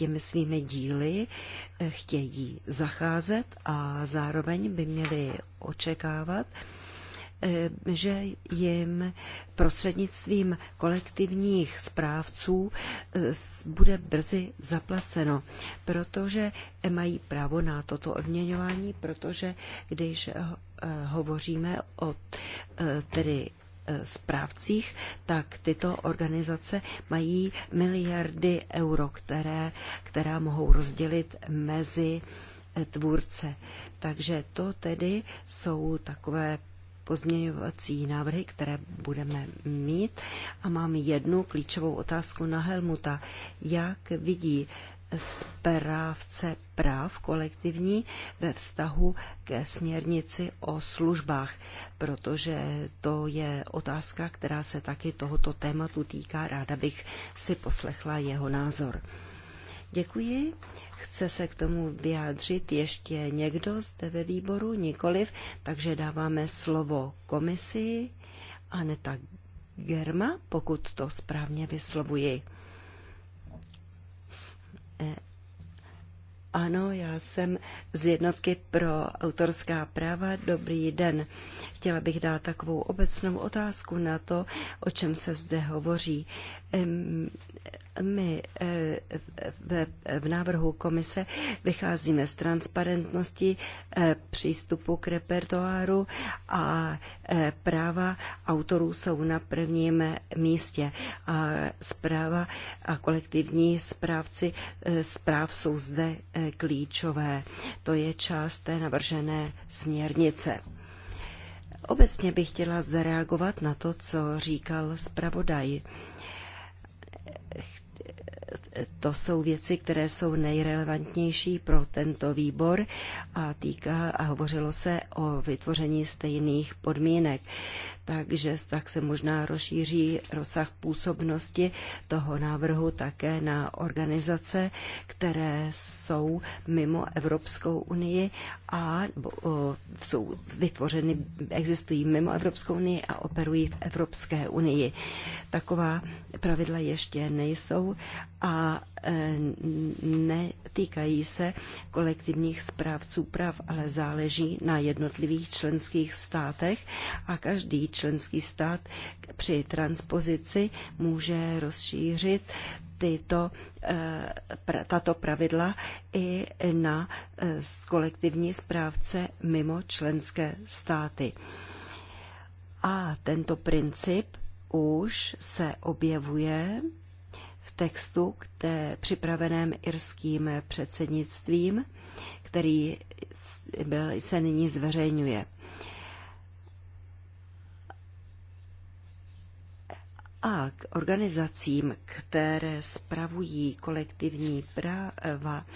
těmi svými díly eh, chtějí zacházet a zároveň by měli očekávat, eh, že jim prostřednictvím kolektivních správců eh, bude brzy zaplaceno, protože mají právo na toto odměňování, protože když hovoříme o tedy Eh, správcích, tak tyto organizace mají miliardy euro, které, která mohou rozdělit mezi eh, tvůrce. Takže to tedy jsou takové pozměňovací návrhy, které budeme mít. A mám jednu klíčovou otázku na Helmuta. Jak vidí správce práv kolektivní ve vztahu ke směrnici o službách, protože to je otázka, která se taky tohoto tématu týká. Ráda bych si poslechla jeho názor. Děkuji. Chce se k tomu vyjádřit ještě někdo zde ve výboru? Nikoliv, takže dáváme slovo komisi Aneta Germa, pokud to správně vyslovuji. E, ano, já jsem z jednotky pro autorská práva. Dobrý den. Chtěla bych dát takovou obecnou otázku na to, o čem se zde hovoří. My e, v návrhu komise vycházíme z transparentnosti e, přístupu k repertoáru a e, práva autorů jsou na prvním místě. A zpráva a kolektivní správci zpráv jsou zde klíčové. To je část té navržené směrnice. Obecně bych chtěla zareagovat na to, co říkal zpravodaj. To jsou věci, které jsou nejrelevantnější pro tento výbor a týká a hovořilo se o vytvoření stejných podmínek takže tak se možná rozšíří rozsah působnosti toho návrhu také na organizace, které jsou mimo Evropskou unii a o, jsou vytvořeny, existují mimo Evropskou unii a operují v Evropské unii. Taková pravidla ještě nejsou a e, netýkají se kolektivních správců práv, ale záleží na jednotlivých členských státech a každý členský stát při transpozici může rozšířit tyto, eh, tato pravidla i na eh, kolektivní správce mimo členské státy. A tento princip už se objevuje v textu, které připraveném irským předsednictvím, který se nyní zveřejňuje. a k organizacím, které spravují kolektivní práva,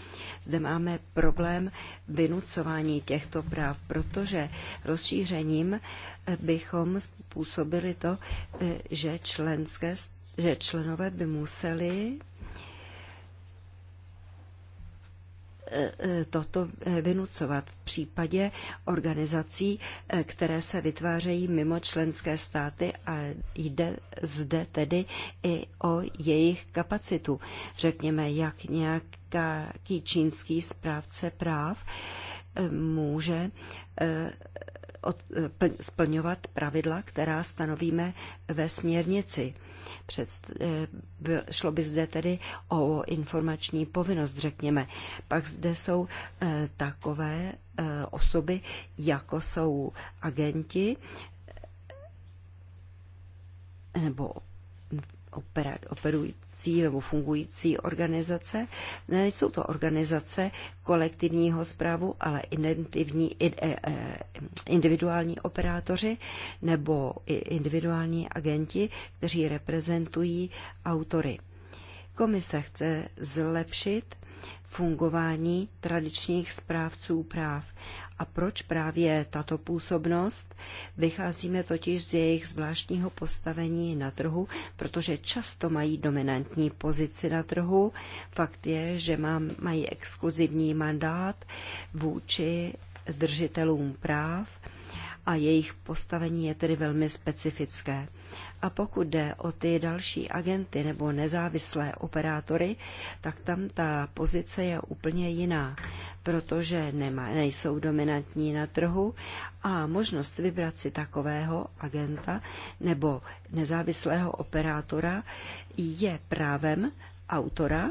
zde máme problém vynucování těchto práv, protože rozšířením eh, bychom způsobili to, eh, že členské že členové by museli toto eh, vynucovat v případě organizací, eh, které se vytvářejí mimo členské státy a jde zde tedy i o jejich kapacitu. Řekněme, jak nějaký čínský správce práv eh, může Eh, splňovat pravidla, která stanovíme ve směrnici. Před, eh, šlo by zde tedy o informační povinnost, řekněme. Pak zde jsou eh, takové osoby, jako jsou agenti nebo opera, operující nebo fungující organizace. Nejsou to organizace kolektivního zprávu, ale identivní, e, e, individuální operátoři nebo individuální agenti, kteří reprezentují autory. Komise chce zlepšit fungování tradičních správců práv a proč právě tato působnost? Vycházíme totiž z jejich zvláštního postavení na trhu, protože často mají dominantní pozici na trhu. Fakt je, že mají exkluzivní mandát vůči držitelům práv a jejich postavení je tedy velmi specifické. A pokud jde o ty další agenty nebo nezávislé operátory, tak tam ta pozice je úplně jiná, protože nema, nejsou dominantní na trhu a možnost vybrat si takového agenta nebo nezávislého operátora je právem autora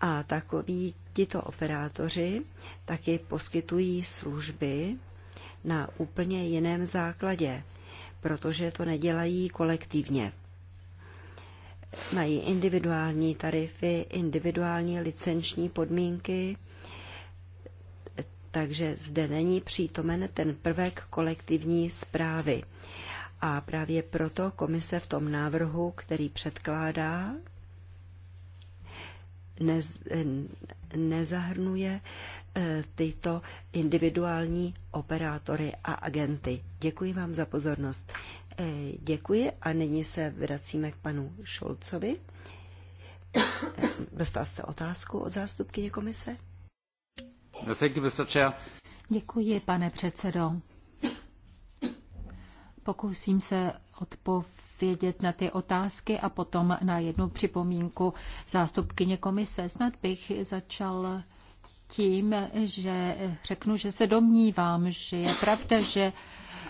a takoví tito operátoři taky poskytují služby na úplně jiném základě protože to nedělají kolektivně. Mají individuální tarify, individuální licenční podmínky, takže zde není přítomen ten prvek kolektivní zprávy. A právě proto komise v tom návrhu, který předkládá, nez, nezahrnuje Eh, tyto individuální operátory a agenty. Děkuji vám za pozornost. Eh, děkuji a nyní se vracíme k panu Šolcovi. Eh, dostal jste otázku od zástupky komise? No, děkuji, pane předsedo. Pokusím se odpovědět na ty otázky a potom na jednu připomínku zástupkyně komise. Snad bych začal tím, že řeknu, že se domnívám, že je pravda, že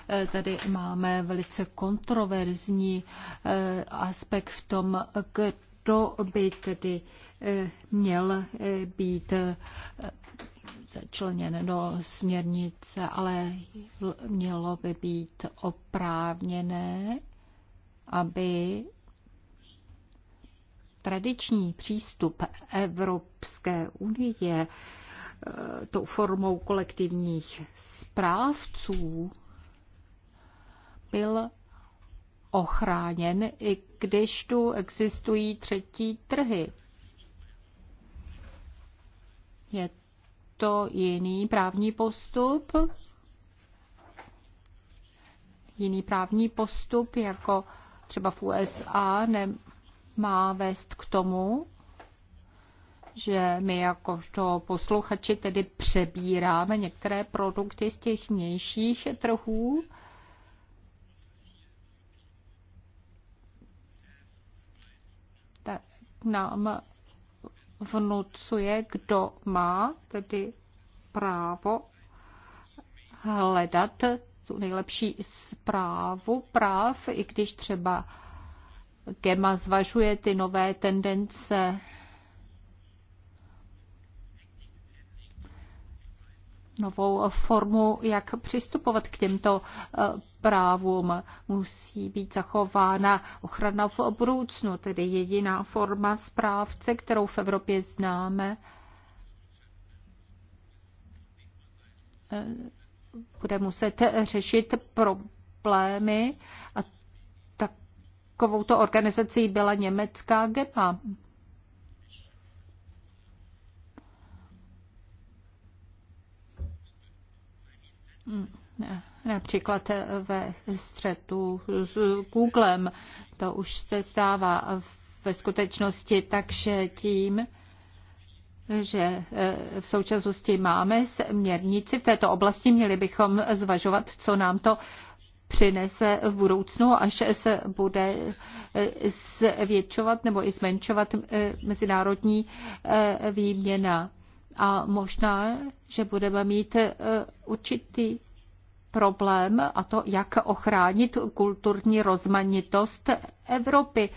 eh, tady máme velice kontroverzní eh, aspekt v tom, kdo by tedy eh, měl být začleněn do směrnice, ale mělo by být oprávněné, aby tradiční přístup Evropské unie Eh, tou formou kolektivních správců byl ochráněn, i když tu existují třetí trhy. Je to jiný právní postup, jiný právní postup, jako třeba v USA, nemá vést k tomu, že my jakožto posluchači tedy přebíráme některé produkty z těch vnějších trhů. Tak nám vnucuje, kdo má tedy právo hledat tu nejlepší zprávu práv, i když třeba Gema zvažuje ty nové tendence novou formu, jak přistupovat k těmto eh, právům. Musí být zachována ochrana v budoucnu, tedy jediná forma správce, kterou v Evropě známe. Eh, bude muset řešit problémy a takovouto organizací byla německá GEPA. Mm. například ve střetu s Googlem. To už se stává ve skutečnosti, takže tím, že eh, v současnosti máme směrnici v této oblasti, měli bychom zvažovat, co nám to přinese v budoucnu, až se bude eh, zvětšovat nebo i zmenšovat eh, mezinárodní výměna. A možná, že budeme mít e, určitý problém a to, jak ochránit kulturní rozmanitost Evropy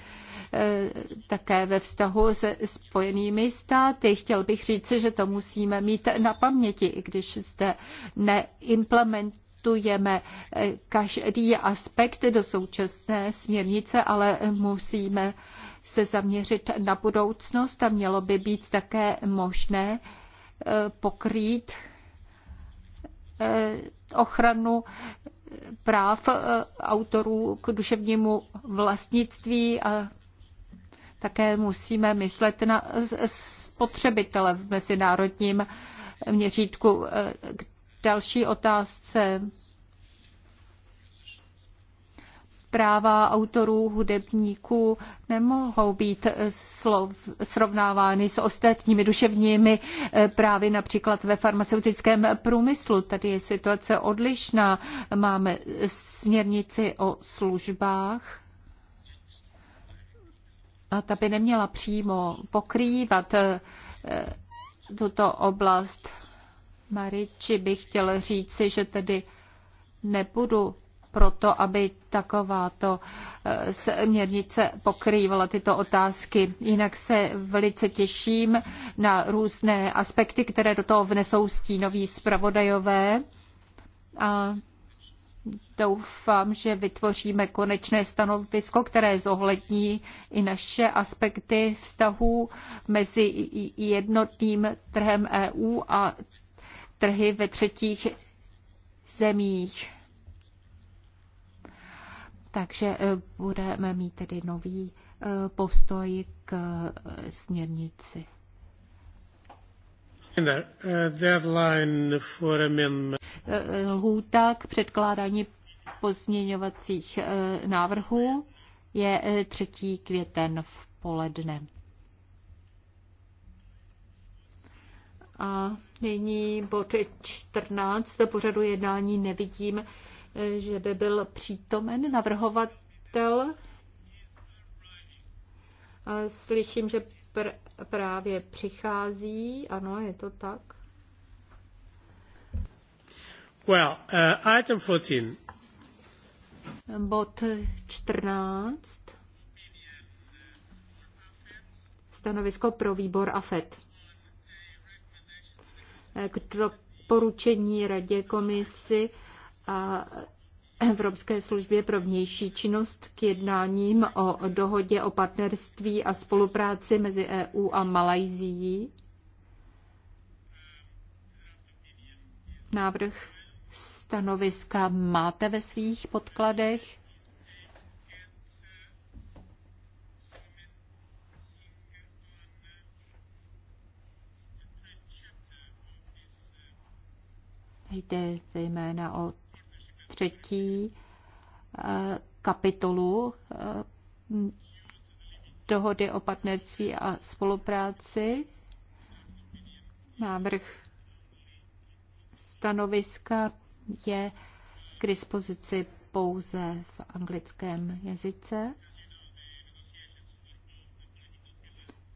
e, také ve vztahu se spojenými státy. Chtěl bych říct, že to musíme mít na paměti, i když zde neimplementujeme e, každý aspekt do současné směrnice, ale musíme se zaměřit na budoucnost a mělo by být také možné pokrýt eh, ochranu práv eh, autorů k duševnímu vlastnictví a také musíme myslet na spotřebitele v mezinárodním měřítku. Eh, k další otázce práva autorů, hudebníků nemohou být slov, srovnávány s ostatními duševními eh, právy, například ve farmaceutickém průmyslu. Tady je situace odlišná. Máme směrnici o službách, a ta by neměla přímo pokrývat eh, tuto oblast. Mariči bych chtěla říci, že tedy nebudu proto, aby takováto eh, směrnice pokrývala tyto otázky. Jinak se velice těším na různé aspekty, které do toho vnesou stínoví zpravodajové. A doufám, že vytvoříme konečné stanovisko, které zohlední i naše aspekty vztahů mezi jednotným trhem EU a trhy ve třetích zemích. Takže eh, budeme mít tedy nový eh, postoj k eh, směrnici. Lhůta k předkládání pozměňovacích návrhů je 3. květen v poledne. A nyní bod 14 pořadu jednání nevidím že by byl přítomen navrhovatel. Slyším, že pr- právě přichází. Ano, je to tak. Well, uh, item 14. Bod 14. Stanovisko pro výbor AFET. K doporučení radě komisi a Evropské službě pro vnější činnost k jednáním o dohodě o partnerství a spolupráci mezi EU a Malajzií. Návrh stanoviska máte ve svých podkladech. Jde zejména o třetí eh, kapitolu eh, dohody o partnerství a spolupráci. Návrh stanoviska je k dispozici pouze v anglickém jazyce.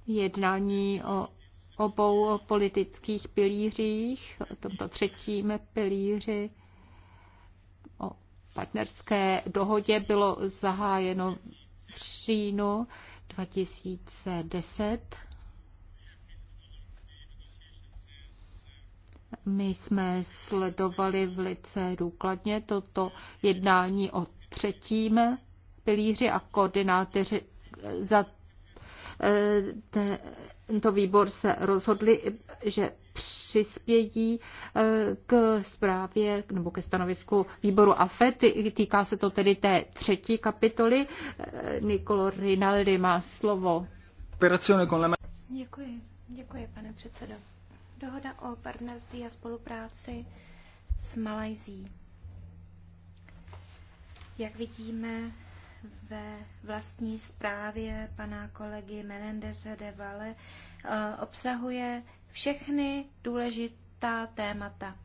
Jednání o obou politických pilířích, o tomto třetím pilíři partnerské dohodě bylo zahájeno v říjnu 2010. My jsme sledovali velice důkladně toto jednání o třetím pilíři a koordinátoři za eh, tento výbor se rozhodli, že přispějí eh, k zprávě nebo ke stanovisku výboru AFET. Týká se to tedy té třetí kapitoly. Eh, Nikolo Rinaldi má slovo. Děkuji, děkuji, pane předsedo. Dohoda o partnerství a spolupráci s Malajzí. Jak vidíme, ve vlastní zprávě pana kolegy Menendeze de Valle eh, obsahuje všechny důležitá témata.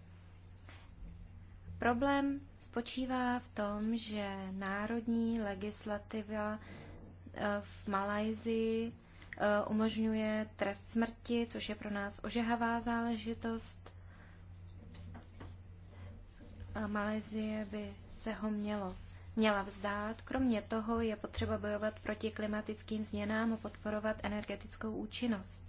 Problém spočívá v tom, že národní legislativa eh, v Malajzii eh, umožňuje trest smrti, což je pro nás ožehavá záležitost. Malajzie by se ho mělo měla vzdát. Kromě toho je potřeba bojovat proti klimatickým změnám a podporovat energetickou účinnost.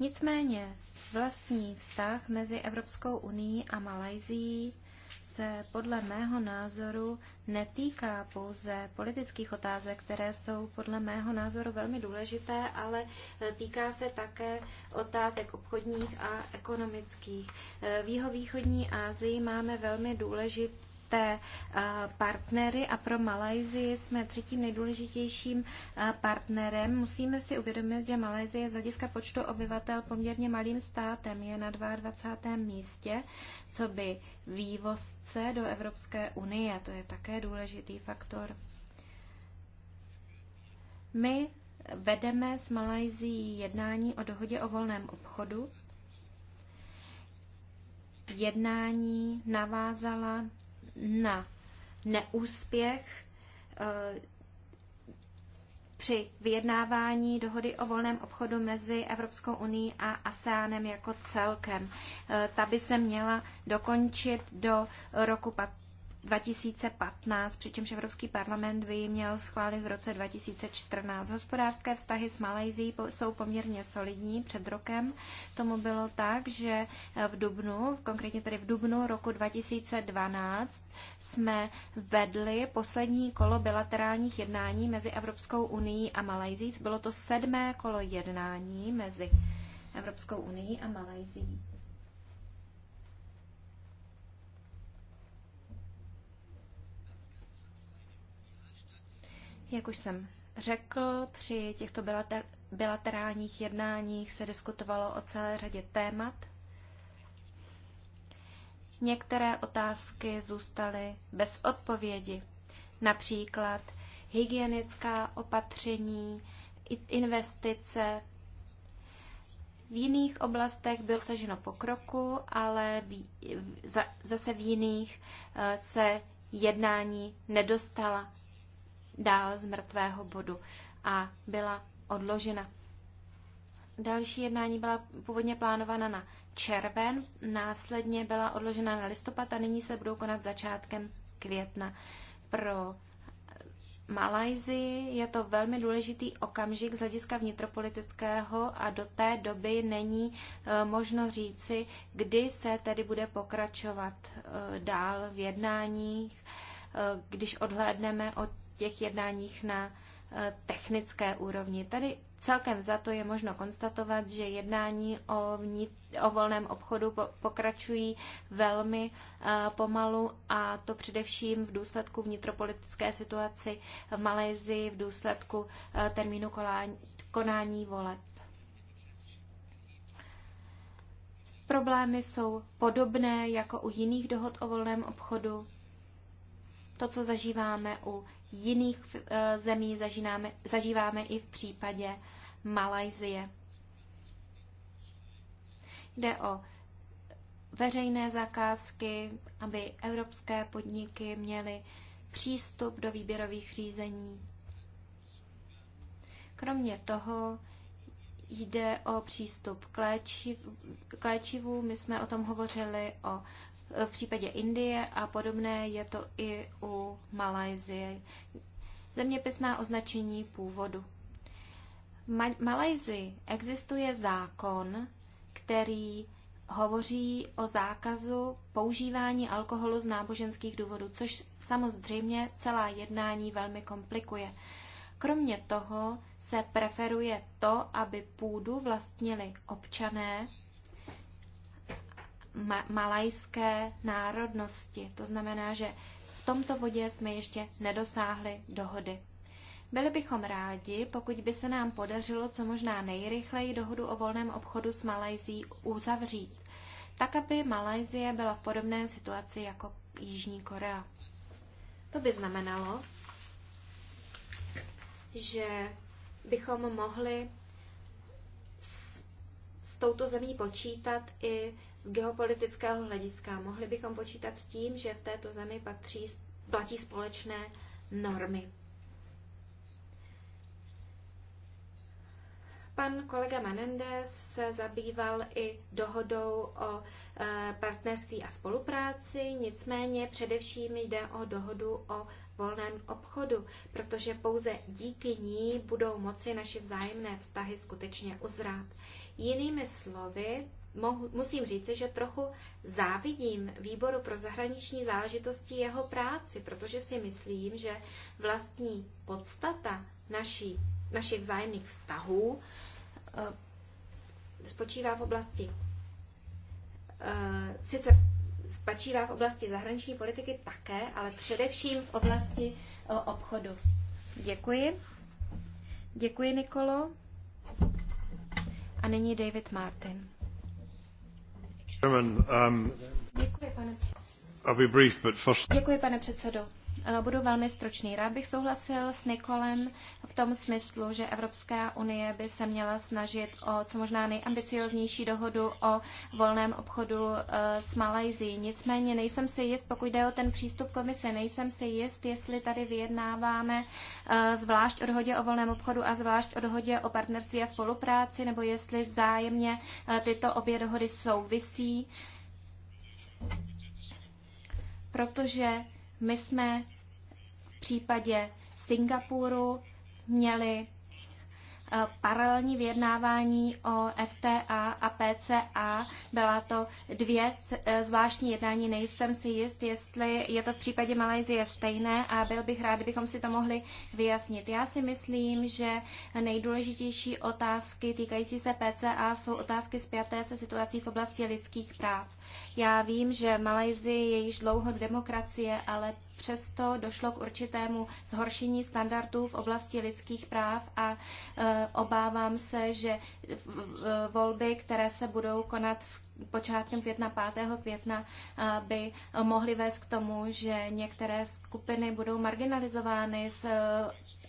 Nicméně vlastní vztah mezi Evropskou unii a Malajzií se podle mého názoru netýká pouze politických otázek, které jsou podle mého názoru velmi důležité, ale týká se také otázek obchodních a ekonomických. V jihovýchodní Ázii máme velmi důležitý důležité eh, partnery a pro Malajzii jsme třetím nejdůležitějším eh, partnerem. Musíme si uvědomit, že Malajzie je z hlediska počtu obyvatel poměrně malým státem, je na 22. místě, co by vývozce do Evropské unie. To je také důležitý faktor. My vedeme s Malajzií jednání o dohodě o volném obchodu. Jednání navázala na neúspěch eh, při vyjednávání dohody o volném obchodu mezi Evropskou unii a ASEANem jako celkem. Eh, ta by se měla dokončit do roku 2015, přičemž Evropský parlament by ji měl schválit v roce 2014. Hospodářské vztahy s Malajzí jsou poměrně solidní. Před rokem tomu bylo tak, že eh, v Dubnu, konkrétně tedy v Dubnu roku 2012, jsme vedli poslední kolo bilaterálních jednání mezi Evropskou unii a Malajzí. Bylo to sedmé kolo jednání mezi Evropskou unii a Malajzí. Jak už jsem řekl, při těchto bilater- bilaterálních jednáních se diskutovalo o celé řadě témat. Některé otázky zůstaly bez odpovědi, například hygienická opatření, investice. V jiných oblastech bylo dosaženo pokroku, ale zase v jiných eh, se jednání nedostala dál z mrtvého bodu a byla odložena. Další jednání byla původně plánována na červen, následně byla odložena na listopad a nyní se budou konat začátkem května. Pro Malajzii je to velmi důležitý okamžik z hlediska vnitropolitického a do té doby není eh, možno říci, kdy se tedy bude pokračovat eh, dál v jednáních, eh, když odhlédneme od těch jednáních na eh, technické úrovni. Tady celkem za to je možno konstatovat, že jednání o, vnit, o volném obchodu pokračují velmi eh, pomalu a to především v důsledku vnitropolitické situaci v Malézii, v důsledku eh, termínu konání voleb. Problémy jsou podobné jako u jiných dohod o volném obchodu. To, co zažíváme u jiných eh, zemí zažíváme, zažíváme i v případě Malajzie. Jde o veřejné zakázky, aby evropské podniky měly přístup do výběrových řízení. Kromě toho jde o přístup k, léčiv, k léčivu. My jsme o tom hovořili o, v případě Indie a podobné je to i u Malajzie. Zeměpisná označení původu. Ma- Malajzii existuje zákon, který hovoří o zákazu používání alkoholu z náboženských důvodů, což samozřejmě celá jednání velmi komplikuje. Kromě toho se preferuje to, aby půdu vlastnili občané ma- malajské národnosti. To znamená, že v tomto bodě jsme ještě nedosáhli dohody. Byli bychom rádi, pokud by se nám podařilo co možná nejrychleji dohodu o volném obchodu s Malajzí uzavřít, tak aby Malajzie byla v podobné situaci jako Jižní Korea. To by znamenalo, že bychom mohli s, s touto zemí počítat i z geopolitického hlediska. Mohli bychom počítat s tím, že v této zemi patří, platí společné normy. Pan kolega Menendez se zabýval i dohodou o e, partnerství a spolupráci, nicméně především jde o dohodu o volném obchodu, protože pouze díky ní budou moci naše vzájemné vztahy skutečně uzrát. Jinými slovy, mohu, musím říci, že trochu závidím výboru pro zahraniční záležitosti jeho práci, protože si myslím, že vlastní podstata naší, našich vzájemných vztahů eh, spočívá v oblasti eh, sice spočívá v oblasti zahraniční politiky také, ale především v oblasti eh, obchodu. Děkuji. Děkuji, Nikolo. A nyní David Martin. Děkuji, pane, um, Děkuji, pane předsedo budu velmi stručný. Rád bych souhlasil s Nikolem v tom smyslu, že Evropská unie by se měla snažit o co možná nejambicioznější dohodu o volném obchodu e, s Malajzí. Nicméně nejsem si jist, pokud jde o ten přístup komise, nejsem si jist, jestli tady vyjednáváme e, zvlášť o dohodě o volném obchodu a zvlášť o dohodě o partnerství a spolupráci, nebo jestli vzájemně e, tyto obě dohody souvisí protože my jsme v případě Singapuru měli eh, paralelní vyjednávání o FTA a PCA. Byla to dvě eh, zvláštní jednání, nejsem si jist, jestli je to v případě Malajzie stejné a byl bych rád, kdybychom si to mohli vyjasnit. Já si myslím, že nejdůležitější otázky týkající se PCA jsou otázky zpěté se situací v oblasti lidských práv. Já vím, že Malajzie je již dlouho demokracie, ale přesto došlo k určitému zhoršení standardů v oblasti lidských práv a e, obávám se, že e, volby, které se budou konat v počátkem května, 5. května, e, by mohly vést k tomu, že některé skupiny budou marginalizovány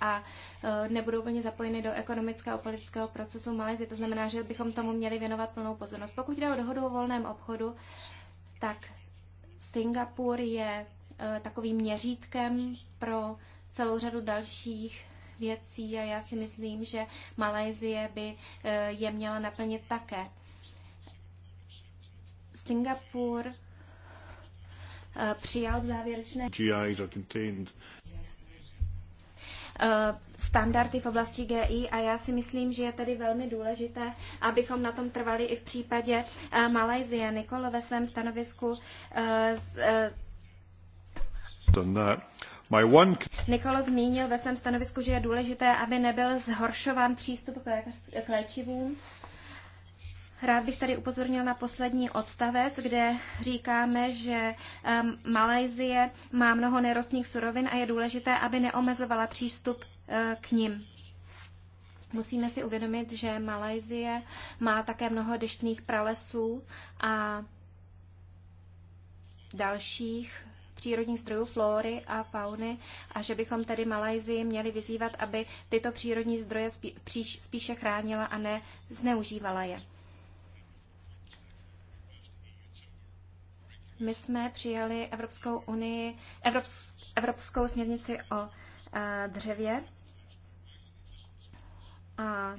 a nebudou plně zapojeny do ekonomického a politického procesu Malézy. To znamená, že bychom tomu měli věnovat plnou pozornost. Pokud jde o dohodu o volném obchodu, tak Singapur je Eh, takovým měřítkem pro celou řadu dalších věcí a já si myslím, že Malajzie by eh, je měla naplnit také. Singapur eh, přijal v závěrečné standardy v oblasti GI a já si myslím, že je tady velmi důležité, abychom na tom trvali i v případě Malajzie. Nikol ve svém stanovisku Nikolo zmínil ve svém stanovisku, že je důležité, aby nebyl zhoršován přístup k léčivům. Rád bych tady upozornil na poslední odstavec, kde říkáme, že um, ehm, Malajzie má mnoho nerostných surovin a je důležité, aby neomezovala přístup uh, k nim. Musíme si uvědomit, že Malajzie má také mnoho deštných pralesů a dalších přírodních zdrojů flóry a fauny a že bychom tedy Malajzii měli vyzývat, aby tyto přírodní zdroje spíše chránila a ne zneužívala je. My jsme přijali Evropskou unii, Evropskou směrnici o eh, dřevě a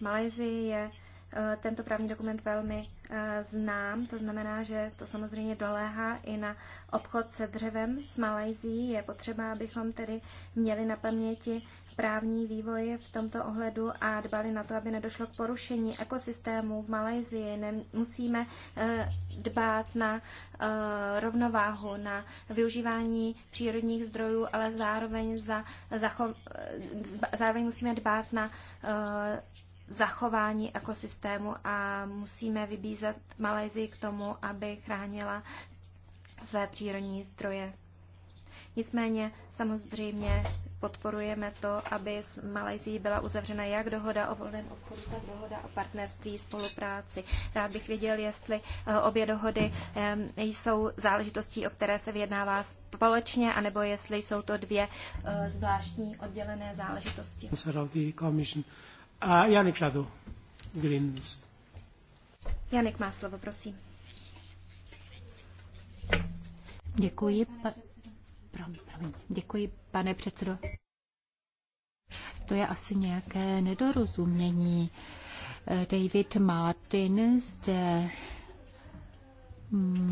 Malajzii je Eh, tento právní dokument velmi eh, znám. To znamená, že to samozřejmě doléhá i na obchod se dřevem s Malajzí. Je potřeba, abychom tedy měli na paměti právní vývoj v tomto ohledu a dbali na to, aby nedošlo k porušení ekosystému v Malajzii. Musíme eh, dbát na rovnováhu, na využívání přírodních zdrojů, ale zároveň, za, zároveň musíme dbát na zachování ekosystému a musíme vybízet Malajzii k tomu, aby chránila své přírodní zdroje. Nicméně samozřejmě podporujeme to, aby s Malajzí byla uzavřena jak dohoda o volném obchodu, tak dohoda o partnerství, spolupráci. Rád bych věděl, jestli eh, obě dohody eh, jsou záležitostí, o které se vyjednává společně, anebo jestli jsou to dvě eh, zvláštní oddělené záležitosti. A Janik Žadu, Greens. Janik má slovo, prosím. Děkuji, pa... promiň, promiň. Děkuji, pane předsedo. To je asi nějaké nedorozumění. Eh, David Martin zde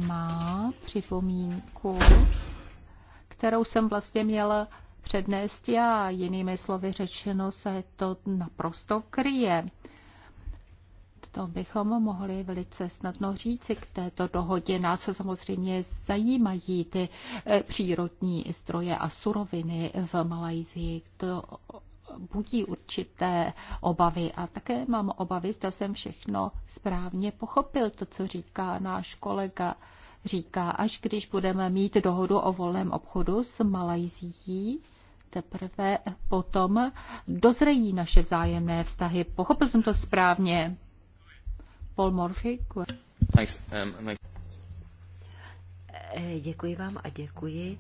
má připomínku, kterou jsem vlastně měla přednést a Jinými slovy řečeno se to naprosto kryje. To bychom mohli velice snadno říci k této dohodě. Nás samozřejmě zajímají ty eh, přírodní stroje a suroviny v Malajzii. To budí určité obavy a také mám obavy, zda jsem všechno správně pochopil, to, co říká náš kolega. Říká, až když budeme mít dohodu o volném obchodu s Malajzií, teprve potom dozrejí naše vzájemné vztahy. Pochopil jsem to správně. Paul Murphy. Thanks. Um, eh, Děkuji vám a děkuji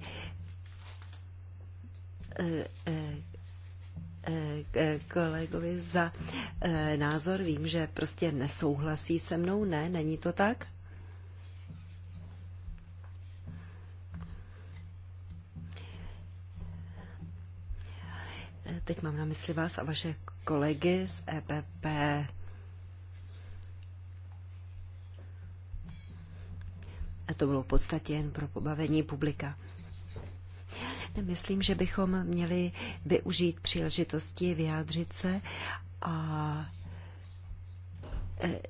eh, eh, kolegovi za názor. Vím, že prostě nesouhlasí se mnou, ne, není to tak? Teď mám na mysli vás a vaše kolegy z EPP. A to bylo v podstatě jen pro pobavení publika. Myslím, že bychom měli využít příležitosti vyjádřit se a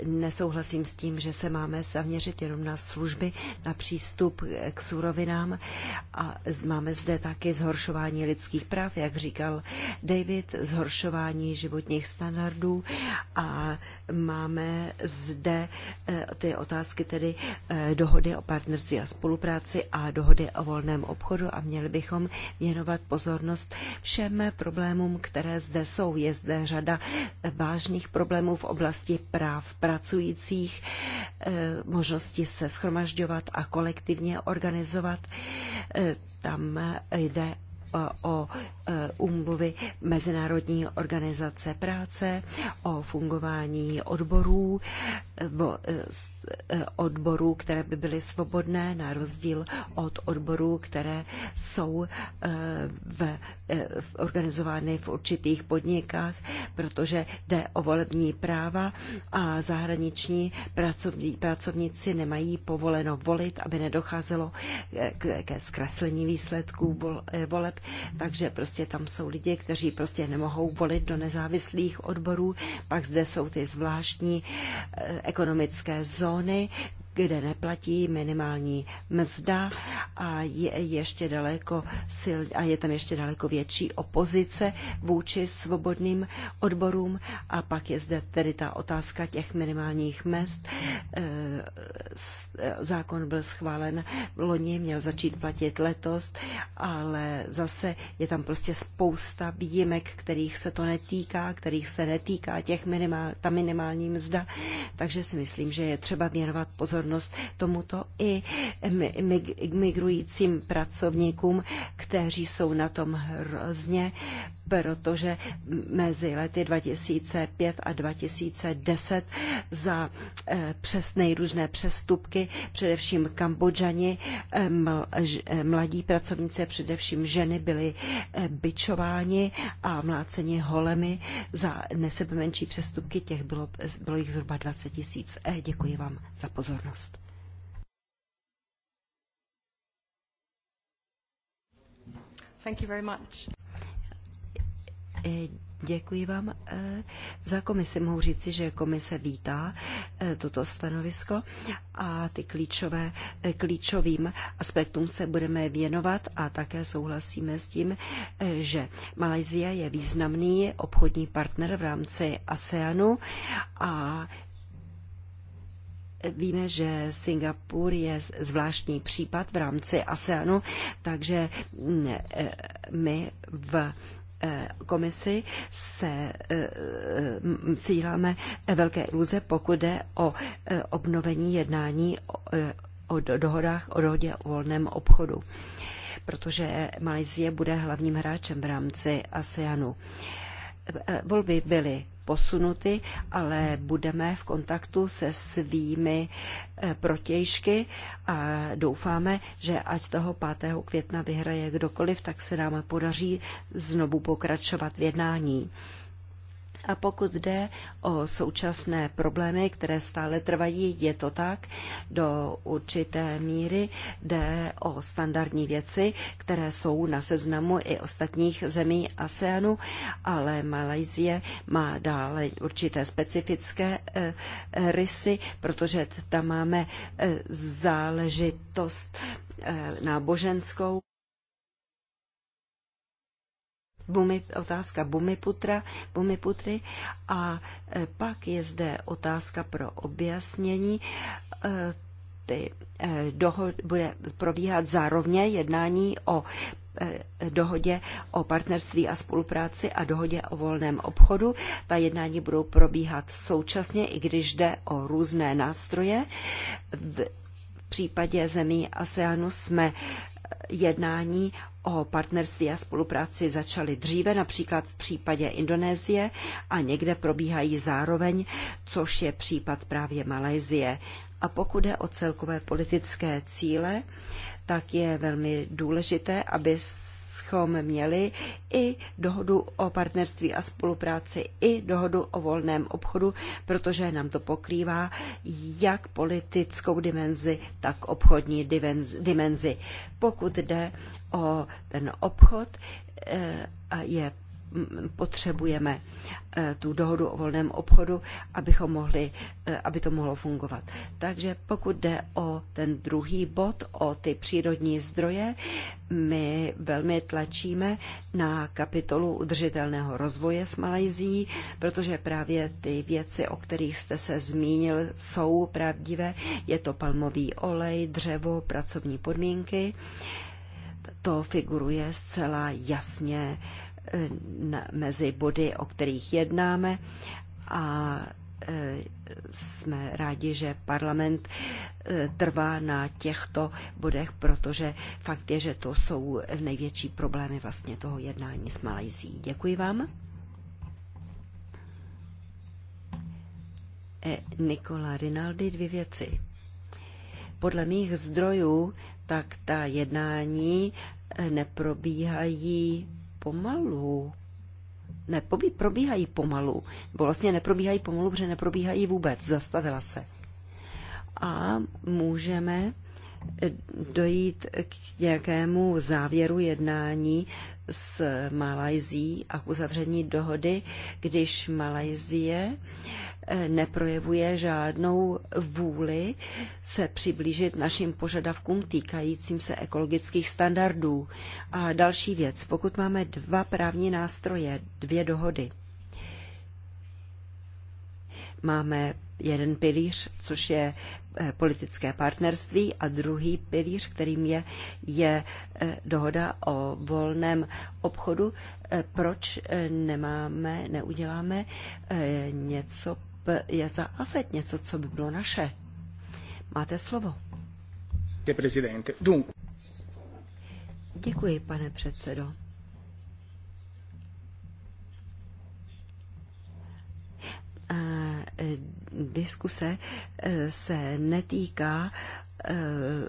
nesouhlasím s tím, že se máme zaměřit jenom na služby, na přístup k surovinám a máme zde taky zhoršování lidských práv, jak říkal David, zhoršování životních standardů a máme zde eh, ty otázky tedy eh, dohody o partnerství a spolupráci a dohody o volném obchodu a měli bychom věnovat pozornost všem problémům, které zde jsou. Je zde řada eh, vážných problémů v oblasti práv práv pracujících, e, možnosti se schromažďovat a kolektivně organizovat. E, tam jde o e, úmluvy Mezinárodní organizace práce, o fungování odborů, Eh, odborů, které by byly svobodné, na rozdíl od odborů, které jsou eh, v, eh, v organizovány v určitých podnikách, protože jde o volební práva a zahraniční pracovní, pracovníci nemají povoleno volit, aby nedocházelo k, ke zkreslení výsledků voleb, takže prostě tam jsou lidi, kteří prostě nemohou volit do nezávislých odborů, pak zde jsou ty zvláštní ekonomické zóny, zóny, kde neplatí minimální mzda a je ještě daleko sil, a je tam ještě daleko větší opozice vůči svobodným odborům a pak je zde tedy ta otázka těch minimálních mest. Eh, zákon byl schválen v loni, měl začít platit letos, ale zase je tam prostě spousta výjimek, kterých se to netýká, kterých se netýká těch minimál, ta minimální mzda, takže si myslím, že je třeba věnovat pozornost pozornost tomuto i migrujícím pracovníkům, kteří jsou na tom hrozně protože mezi lety 2005 a 2010 za eh, přes nejrůzné přestupky, především Kambodžani, eh, eh, mladí pracovníci, především ženy, byli byčováni a mláceni holemi za nesebemenší přestupky. Těch bylo, bylo jich zhruba 20 tisíc. Děkuji vám za pozornost. Thank you very much. Eh, děkuji vám eh, za komisi. Mohu říci, že komise vítá eh, toto stanovisko a ty klíčové, klíčovým aspektům se budeme věnovat a také souhlasíme s tím, že Malajsie je významný obchodní partner v rámci ASEANu a Víme, že Singapur je zvláštní případ v rámci ASEANu, takže mm, my v Eh, komisi se eh, eh, cíláme velké iluze, pokud jde o obnovení jednání o dohodách o dohodě o volném obchodu protože Malajsie bude hlavním hráčem v rámci ASEANu. Volby byly posunuty, ale budeme v kontaktu se svými eh, protějšky a doufáme, že ať toho 5. května vyhraje kdokoliv, tak se nám podaří znovu pokračovat v jednání. A pokud jde o současné problémy, které stále trvají, je to tak. Do určité míry jde o standardní věci, které jsou na seznamu i ostatních zemí ASEANu, ale Malajzie má dále určité specifické eh, eh, rysy, protože tam máme eh, záležitost náboženskou. Bumi, otázka Bumiputra, Bumiputry a e, pak je zde otázka pro objasnění. E, ty e, dohod, bude probíhat zároveň jednání o dohodě o partnerství a spolupráci a dohodě o volném obchodu. Ta jednání budou probíhat současně, i když jde o různé nástroje. V případě zemí ASEANu jsme jednání o partnerství a spolupráci začaly dříve, například v případě Indonésie a někde probíhají zároveň, což je případ právě Malajsie. A pokud je o celkové politické cíle, tak je velmi důležité, aby bychom měli i dohodu o partnerství a spolupráci, i dohodu o volném obchodu, protože nám to pokrývá jak politickou dimenzi, tak obchodní dimenzi. Pokud jde o ten obchod eh, a je mm, potřebujeme eh, tu dohodu o volném obchodu, abychom mohli, eh, aby to mohlo fungovat. Takže pokud jde o ten druhý bod, o ty přírodní zdroje, my velmi tlačíme na kapitolu udržitelného rozvoje s Malajzí, protože právě ty věci, o kterých jste se zmínil, jsou pravdivé. Je to palmový olej, dřevo, pracovní podmínky to figuruje zcela jasně eh, mezi body, o kterých jednáme a eh, jsme rádi, že parlament eh, trvá na těchto bodech, protože fakt je, že to jsou největší problémy vlastně toho jednání s Malajzí. Děkuji vám. Nikola Rinaldi dvě věci. Podle mých zdrojů tak ta jednání neprobíhají pomalu. Ne, probíhají pomalu. Nebo vlastně neprobíhají pomalu, protože neprobíhají vůbec. Zastavila se. A můžeme eh, dojít k nějakému závěru jednání s Malajzí a k uzavření dohody, když Malajzie neprojevuje žádnou vůli se přiblížit našim požadavkům týkajícím se ekologických standardů. A další věc, pokud máme dva právní nástroje, dvě dohody, máme jeden pilíř, což je eh, politické partnerství a druhý pilíř, kterým je, je eh, dohoda o volném obchodu. Eh, proč nemáme, neuděláme něco je za AFET něco, co by bylo naše. Máte slovo. Děkuji, pane předsedo. A eh, eh, diskuse eh, se netýká Eh,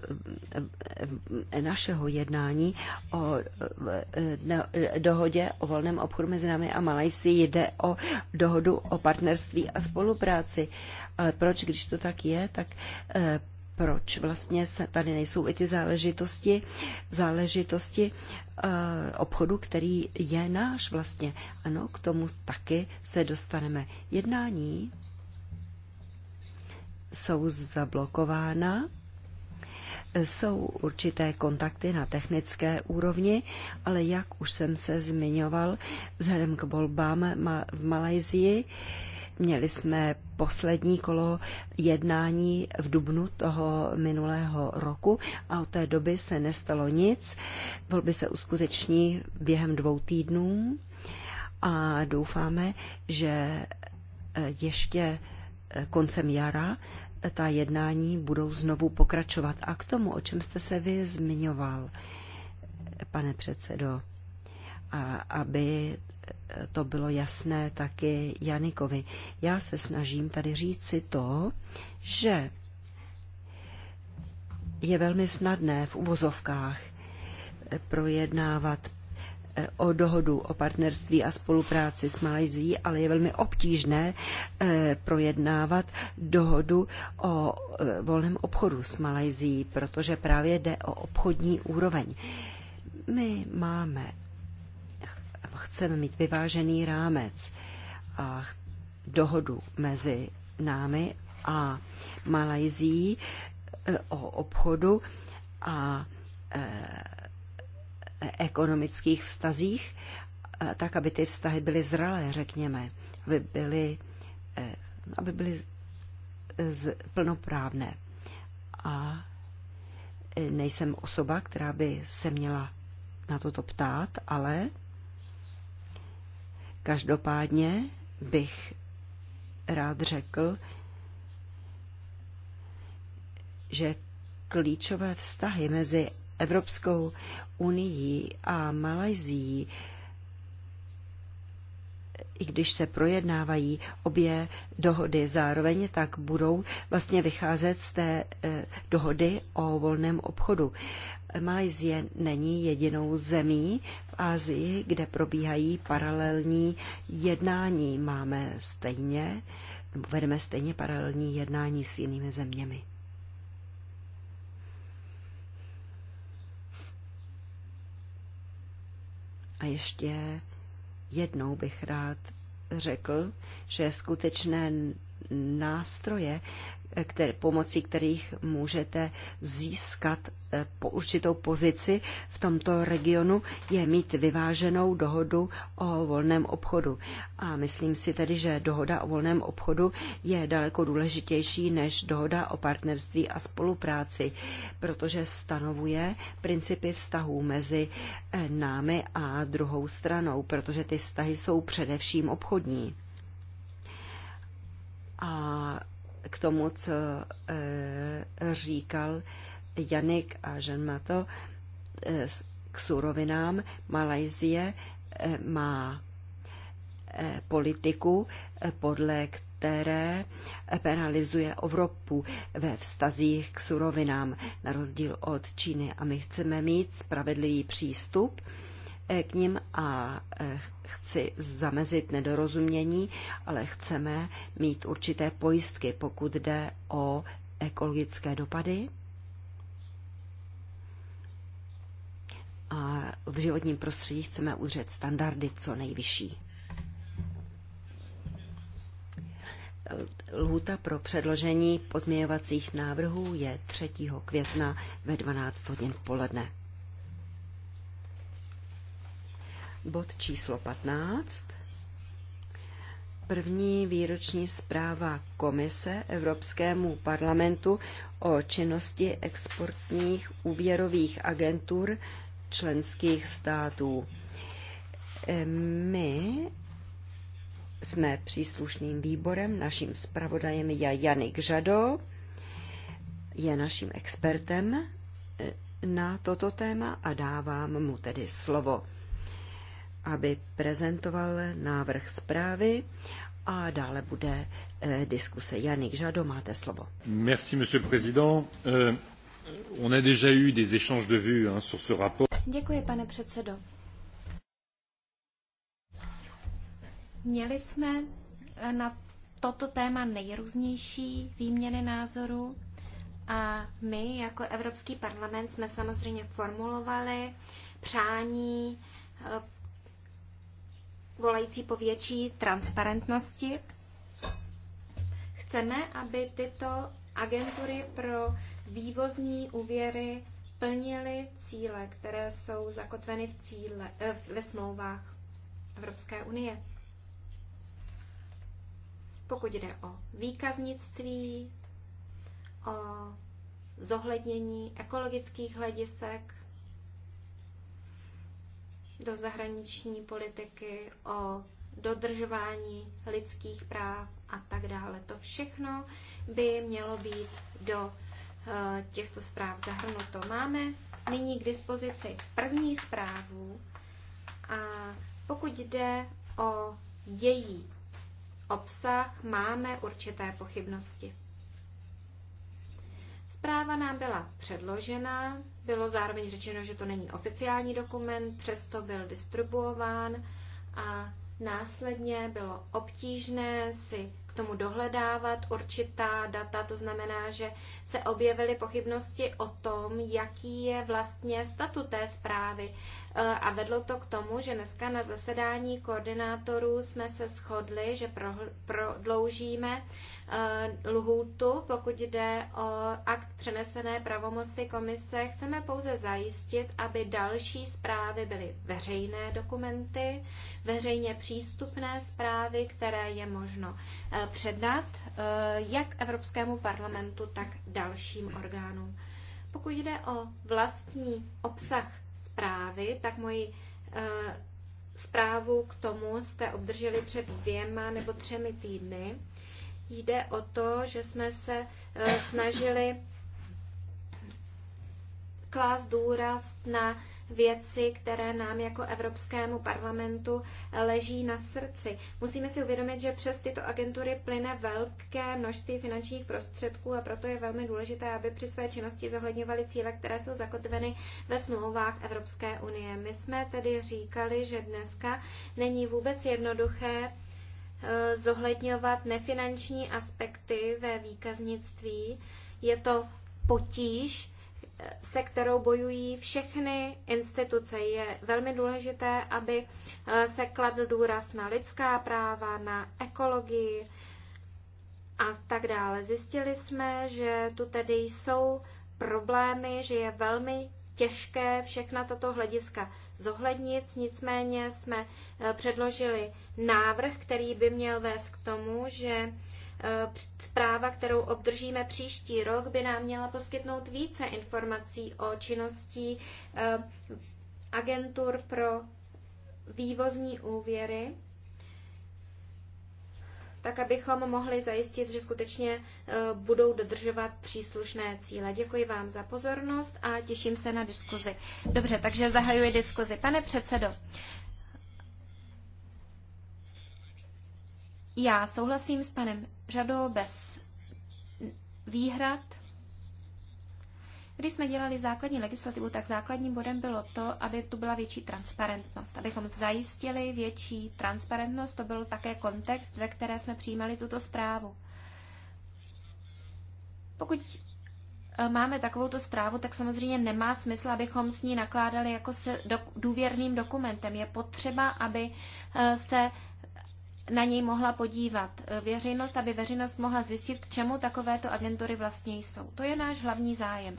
našeho jednání o eh, dohodě o volném obchodu mezi námi a Malajsí jde o dohodu o partnerství a spolupráci. Ale proč, když to tak je, tak eh, proč vlastně se tady nejsou i ty záležitosti, záležitosti obchodu, který je náš vlastně. Ano, k tomu taky se dostaneme. Jednání jsou zablokována jsou určité kontakty na technické úrovni, ale jak už jsem se zmiňoval, vzhledem k volbám v Malajzii, Měli jsme poslední kolo jednání v dubnu toho minulého roku a od té doby se nestalo nic. Volby se uskuteční během dvou týdnů a doufáme, že eh, ještě eh, koncem jara ta jednání budou znovu pokračovat. A k tomu, o čem jste se vy zmiňoval, pane předsedo, a aby to bylo jasné taky Janikovi. Já se snažím tady říct si to, že je velmi snadné v uvozovkách projednávat o dohodu o partnerství a spolupráci s Malajzí, ale je velmi obtížné eh, projednávat dohodu o eh, volném obchodu s Malajzí, protože právě jde o obchodní úroveň. My máme, chceme mít vyvážený rámec a dohodu mezi námi a Malajzí eh, o obchodu a ekonomických vztazích, eh, tak aby ty vztahy byly zralé, řekněme, aby byly, eh, aby byly z, plnoprávné. A eh, nejsem osoba, která by se měla na toto ptát, ale každopádně bych rád řekl, že klíčové vztahy mezi Evropskou unii a Malajzii, i když se projednávají obě dohody zároveň, tak budou vlastně vycházet z té eh, dohody o volném obchodu. Malajzie není jedinou zemí v Asii, kde probíhají paralelní jednání. Máme stejně, vedeme stejně paralelní jednání s jinými zeměmi. A ještě jednou bych rád řekl, že skutečné nástroje který, pomocí kterých můžete získat eh, po určitou pozici v tomto regionu, je mít vyváženou dohodu o volném obchodu. A myslím si tedy, že dohoda o volném obchodu je daleko důležitější než dohoda o partnerství a spolupráci, protože stanovuje principy vztahů mezi eh, námi a druhou stranou, protože ty vztahy jsou především obchodní. A k tomu, co eh, říkal Janik a e, k surovinám. Malajzie eh, má politiku, podle které penalizuje Evropu ve vztazích k surovinám, na rozdíl od Číny. A my chceme mít spravedlivý přístup Eh, k ním a eh, chci zamezit nedorozumění, ale chceme mít určité pojistky, pokud jde o ekologické dopady a v životním prostředí chceme udržet standardy co nejvyšší. Lhůta pro předložení pozměňovacích návrhů je 3. května ve 12 hodin v poledne. bod číslo 15. První výroční zpráva Komise Evropskému parlamentu o činnosti exportních úvěrových agentur členských států. My jsme příslušným výborem, naším zpravodajem je Janik Žado, je naším expertem eh, na toto téma a dávám mu tedy slovo aby prezentoval návrh zprávy a dále bude eh, diskuse. Janik Žado, máte slovo. Merci, monsieur président. Uh, on a déjà eu des échanges de vues hein, sur ce rapport. Děkuji, pane předsedo. Měli jsme eh, na toto téma nejrůznější výměny názorů a my jako Evropský parlament jsme samozřejmě formulovali přání eh, volající po větší transparentnosti. Chceme, aby tyto agentury pro vývozní úvěry plnily cíle, které jsou zakotveny v cíle, eh, ve smlouvách Evropské unie. Pokud jde o výkaznictví, o zohlednění ekologických hledisek, do zahraniční politiky, o dodržování lidských práv a tak dále. To všechno by mělo být do eh, těchto zpráv zahrnuto. Máme nyní k dispozici první zprávu a pokud jde o její obsah, máme určité pochybnosti. Zpráva nám byla předložena, bylo zároveň řečeno, že to není oficiální dokument, přesto byl distribuován a následně bylo obtížné si k tomu dohledávat určitá data, to znamená, že se objevily pochybnosti o tom, jaký je vlastně statut té zprávy, Eh, a vedlo to k tomu, že dneska na zasedání koordinátorů jsme se shodli, že prodloužíme eh, lhůtu, pokud jde o akt přenesené pravomoci komise. Chceme pouze zajistit, aby další zprávy byly veřejné dokumenty, veřejně přístupné zprávy, které je možno eh, předat jak Evropskému parlamentu, tak dalším orgánům. Pokud jde o vlastní obsah zprávy, tak moji eh, zprávu k tomu jste obdrželi před dvěma nebo třemi týdny. Jde o to, že jsme se eh, snažili klás důraz na věci, které nám jako Evropskému parlamentu leží na srdci. Musíme si uvědomit, že přes tyto agentury plyne velké množství finančních prostředků a proto je velmi důležité, aby při své činnosti zohledňovali cíle, které jsou zakotveny ve smlouvách Evropské unie. My jsme tedy říkali, že dneska není vůbec jednoduché eh, zohledňovat nefinanční aspekty ve výkaznictví. Je to potíž, se kterou bojují všechny instituce. Je velmi důležité, aby eh, se kladl důraz na lidská práva, na ekologii a tak dále. Zjistili jsme, že tu tedy jsou problémy, že je velmi těžké všechna tato hlediska zohlednit, nicméně jsme eh, předložili návrh, který by měl vést k tomu, že Eh, zpráva, kterou obdržíme příští rok, by nám měla poskytnout více informací o činnosti eh, agentur pro vývozní úvěry, tak abychom mohli zajistit, že skutečně eh, budou dodržovat příslušné cíle. Děkuji vám za pozornost a těším se na diskuzi. Dobře, takže zahajuji diskuzi. Pane předsedo, Já souhlasím s panem Žadou bez výhrad. Když jsme dělali základní legislativu, tak základním bodem bylo to, aby tu byla větší transparentnost. Abychom zajistili větší transparentnost, to byl také kontext, ve které jsme přijímali tuto zprávu. Pokud eh, máme takovouto zprávu, tak samozřejmě nemá smysl, abychom s ní nakládali jako se do, důvěrným dokumentem. Je potřeba, aby eh, se na něj mohla podívat eh, věřejnost, aby veřejnost mohla zjistit, k čemu takovéto agentury vlastně jsou. To je náš hlavní zájem.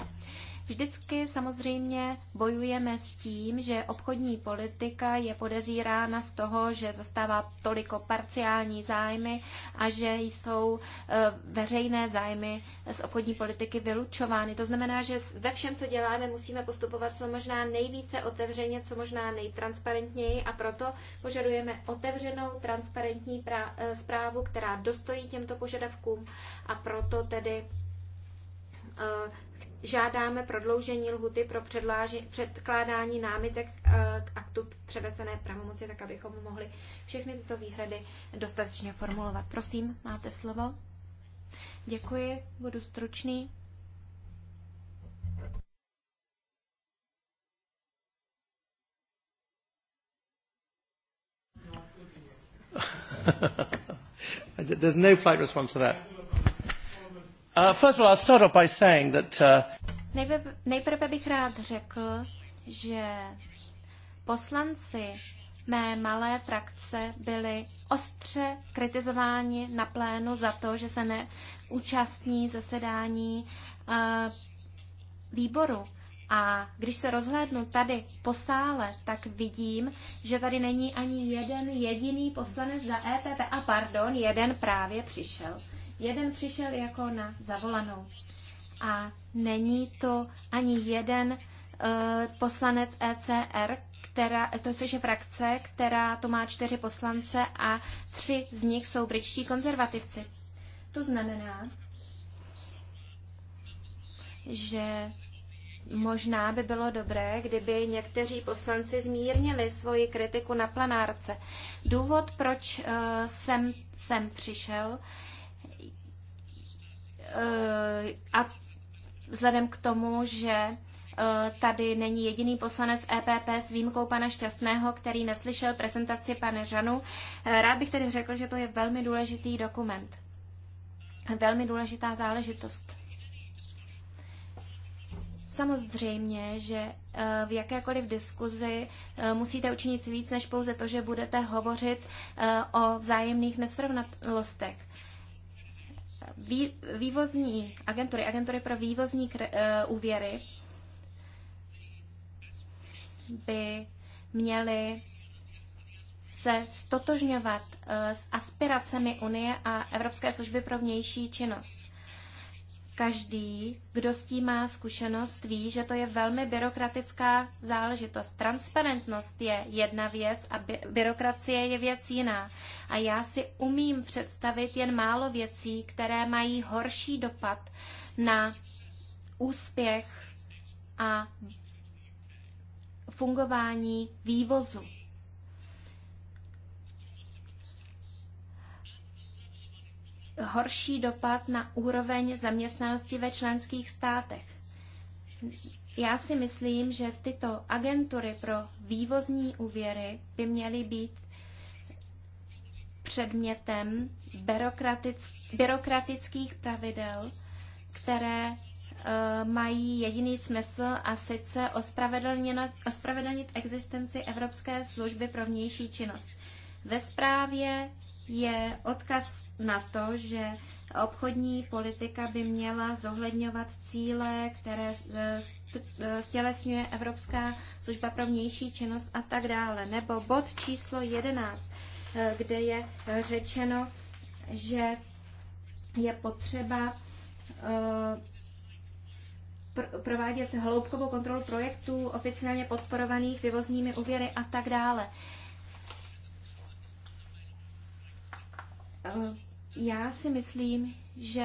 Vždycky samozřejmě bojujeme s tím, že obchodní politika je podezírána z toho, že zastává toliko parciální zájmy a že jsou eh, veřejné zájmy z obchodní politiky vylučovány. To znamená, že ve všem, co děláme, musíme postupovat co možná nejvíce otevřeně, co možná nejtransparentněji a proto požadujeme otevřenou, transparentní eh, zprávu, která dostojí těmto požadavkům a proto tedy eh, žádáme prodloužení lhuty pro předkládání námitek eh, k aktu v přenesené pravomoci, tak abychom mohli všechny tyto výhrady dostatečně formulovat. Prosím, máte slovo. Děkuji, budu stručný. There's no polite response to that. Uh, first of all, I'll start off by saying that, uh... nejprve, nejprve bych rád řekl, že poslanci mé malé frakce byli ostře kritizováni na plénu za to, že se neúčastní zasedání uh, výboru. A když se rozhlédnu tady po sále, tak vidím, že tady není ani jeden jediný poslanec za EPP. A pardon, jeden právě přišel. Jeden přišel jako na zavolanou. A není to ani jeden uh, poslanec ECR, která, to což je frakce, která to má čtyři poslance a tři z nich jsou britští konzervativci. To znamená, že možná by bylo dobré, kdyby někteří poslanci zmírnili svoji kritiku na planárce. Důvod, proč uh, eh, jsem, přišel, uh, Eh, a vzhledem k tomu, že eh, tady není jediný poslanec EPP s výjimkou pana Šťastného, který neslyšel prezentaci pane Žanu. Eh, rád bych tedy řekl, že to je velmi důležitý dokument. Velmi důležitá záležitost. Samozřejmě, že v jakékoliv diskuzi musíte učinit víc než pouze to, že budete hovořit o vzájemných nesrovnalostech vývozní agentury, agentury pro vývozní eh, úvěry by měly se stotožňovat eh, s aspiracemi Unie a Evropské služby pro vnější činnost. Každý, kdo s tím má zkušenost, ví, že to je velmi byrokratická záležitost. Transparentnost je jedna věc a by- byrokracie je věc jiná. A já si umím představit jen málo věcí, které mají horší dopad na úspěch a fungování vývozu horší dopad na úroveň zaměstnanosti ve členských státech. Já si myslím, že tyto agentury pro vývozní úvěry by měly být předmětem byrokratických pravidel, které eh, mají jediný smysl a sice ospravedlnit existenci Evropské služby pro vnější činnost. Ve zprávě je odkaz na to, že obchodní politika by měla zohledňovat cíle, které eh, eh, stělesňuje Evropská služba pro vnější činnost a tak dále. Nebo bod číslo 11, eh, kde je řečeno, že je potřeba provádět hloubkovou kontrolu projektů oficiálně podporovaných vyvozními úvěry a tak dále. Eh, já si myslím, že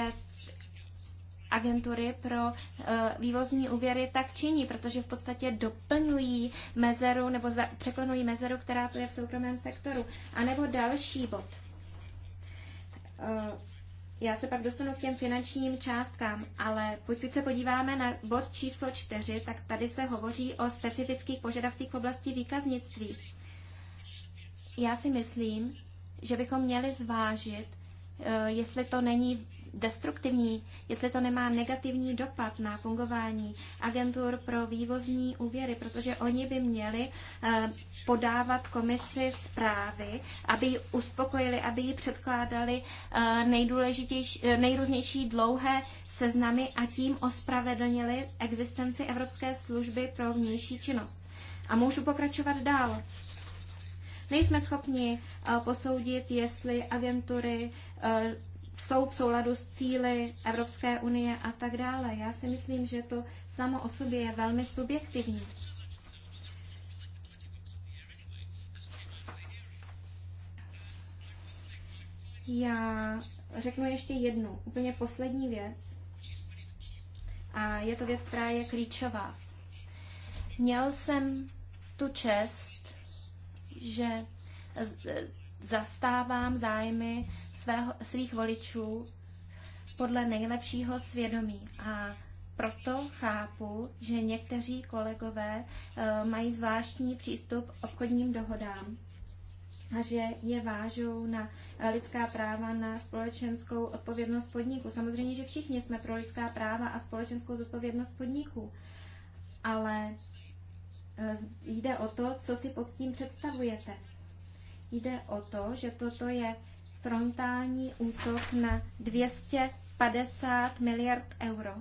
agentury pro eh, vývozní úvěry tak činí, protože v podstatě doplňují mezeru nebo překlenují mezeru, která tu je v soukromém sektoru. A nebo další bod. Eh, já se pak dostanu k těm finančním částkám, ale pokud se podíváme na bod číslo čtyři, tak tady se hovoří o specifických požadavcích v oblasti výkaznictví. Já si myslím, že bychom měli zvážit, eh, jestli to není destruktivní, jestli to nemá negativní dopad na fungování agentur pro vývozní úvěry, protože oni by měli eh, podávat komisi zprávy, aby ji uspokojili, aby ji předkládali eh, nejdůležitější, nejrůznější dlouhé seznamy a tím ospravedlnili existenci Evropské služby pro vnější činnost. A můžu pokračovat dál. Nejsme schopni eh, posoudit, jestli agentury eh, jsou v souladu s cíly Evropské unie a tak dále. Já si myslím, že to samo o sobě je velmi subjektivní. Já řeknu ještě jednu, úplně poslední věc. A je to věc, která je klíčová. Měl jsem tu čest že zastávám zájmy svého, svých voličů podle nejlepšího svědomí. A proto chápu, že někteří kolegové eh, mají zvláštní přístup k obchodním dohodám a že je vážou na lidská práva, na společenskou odpovědnost podniku. Samozřejmě, že všichni jsme pro lidská práva a společenskou zodpovědnost podniků, ale Eh, jde o to, co si pod tím představujete. Jde o to, že toto je frontální útok na 250 miliard euro,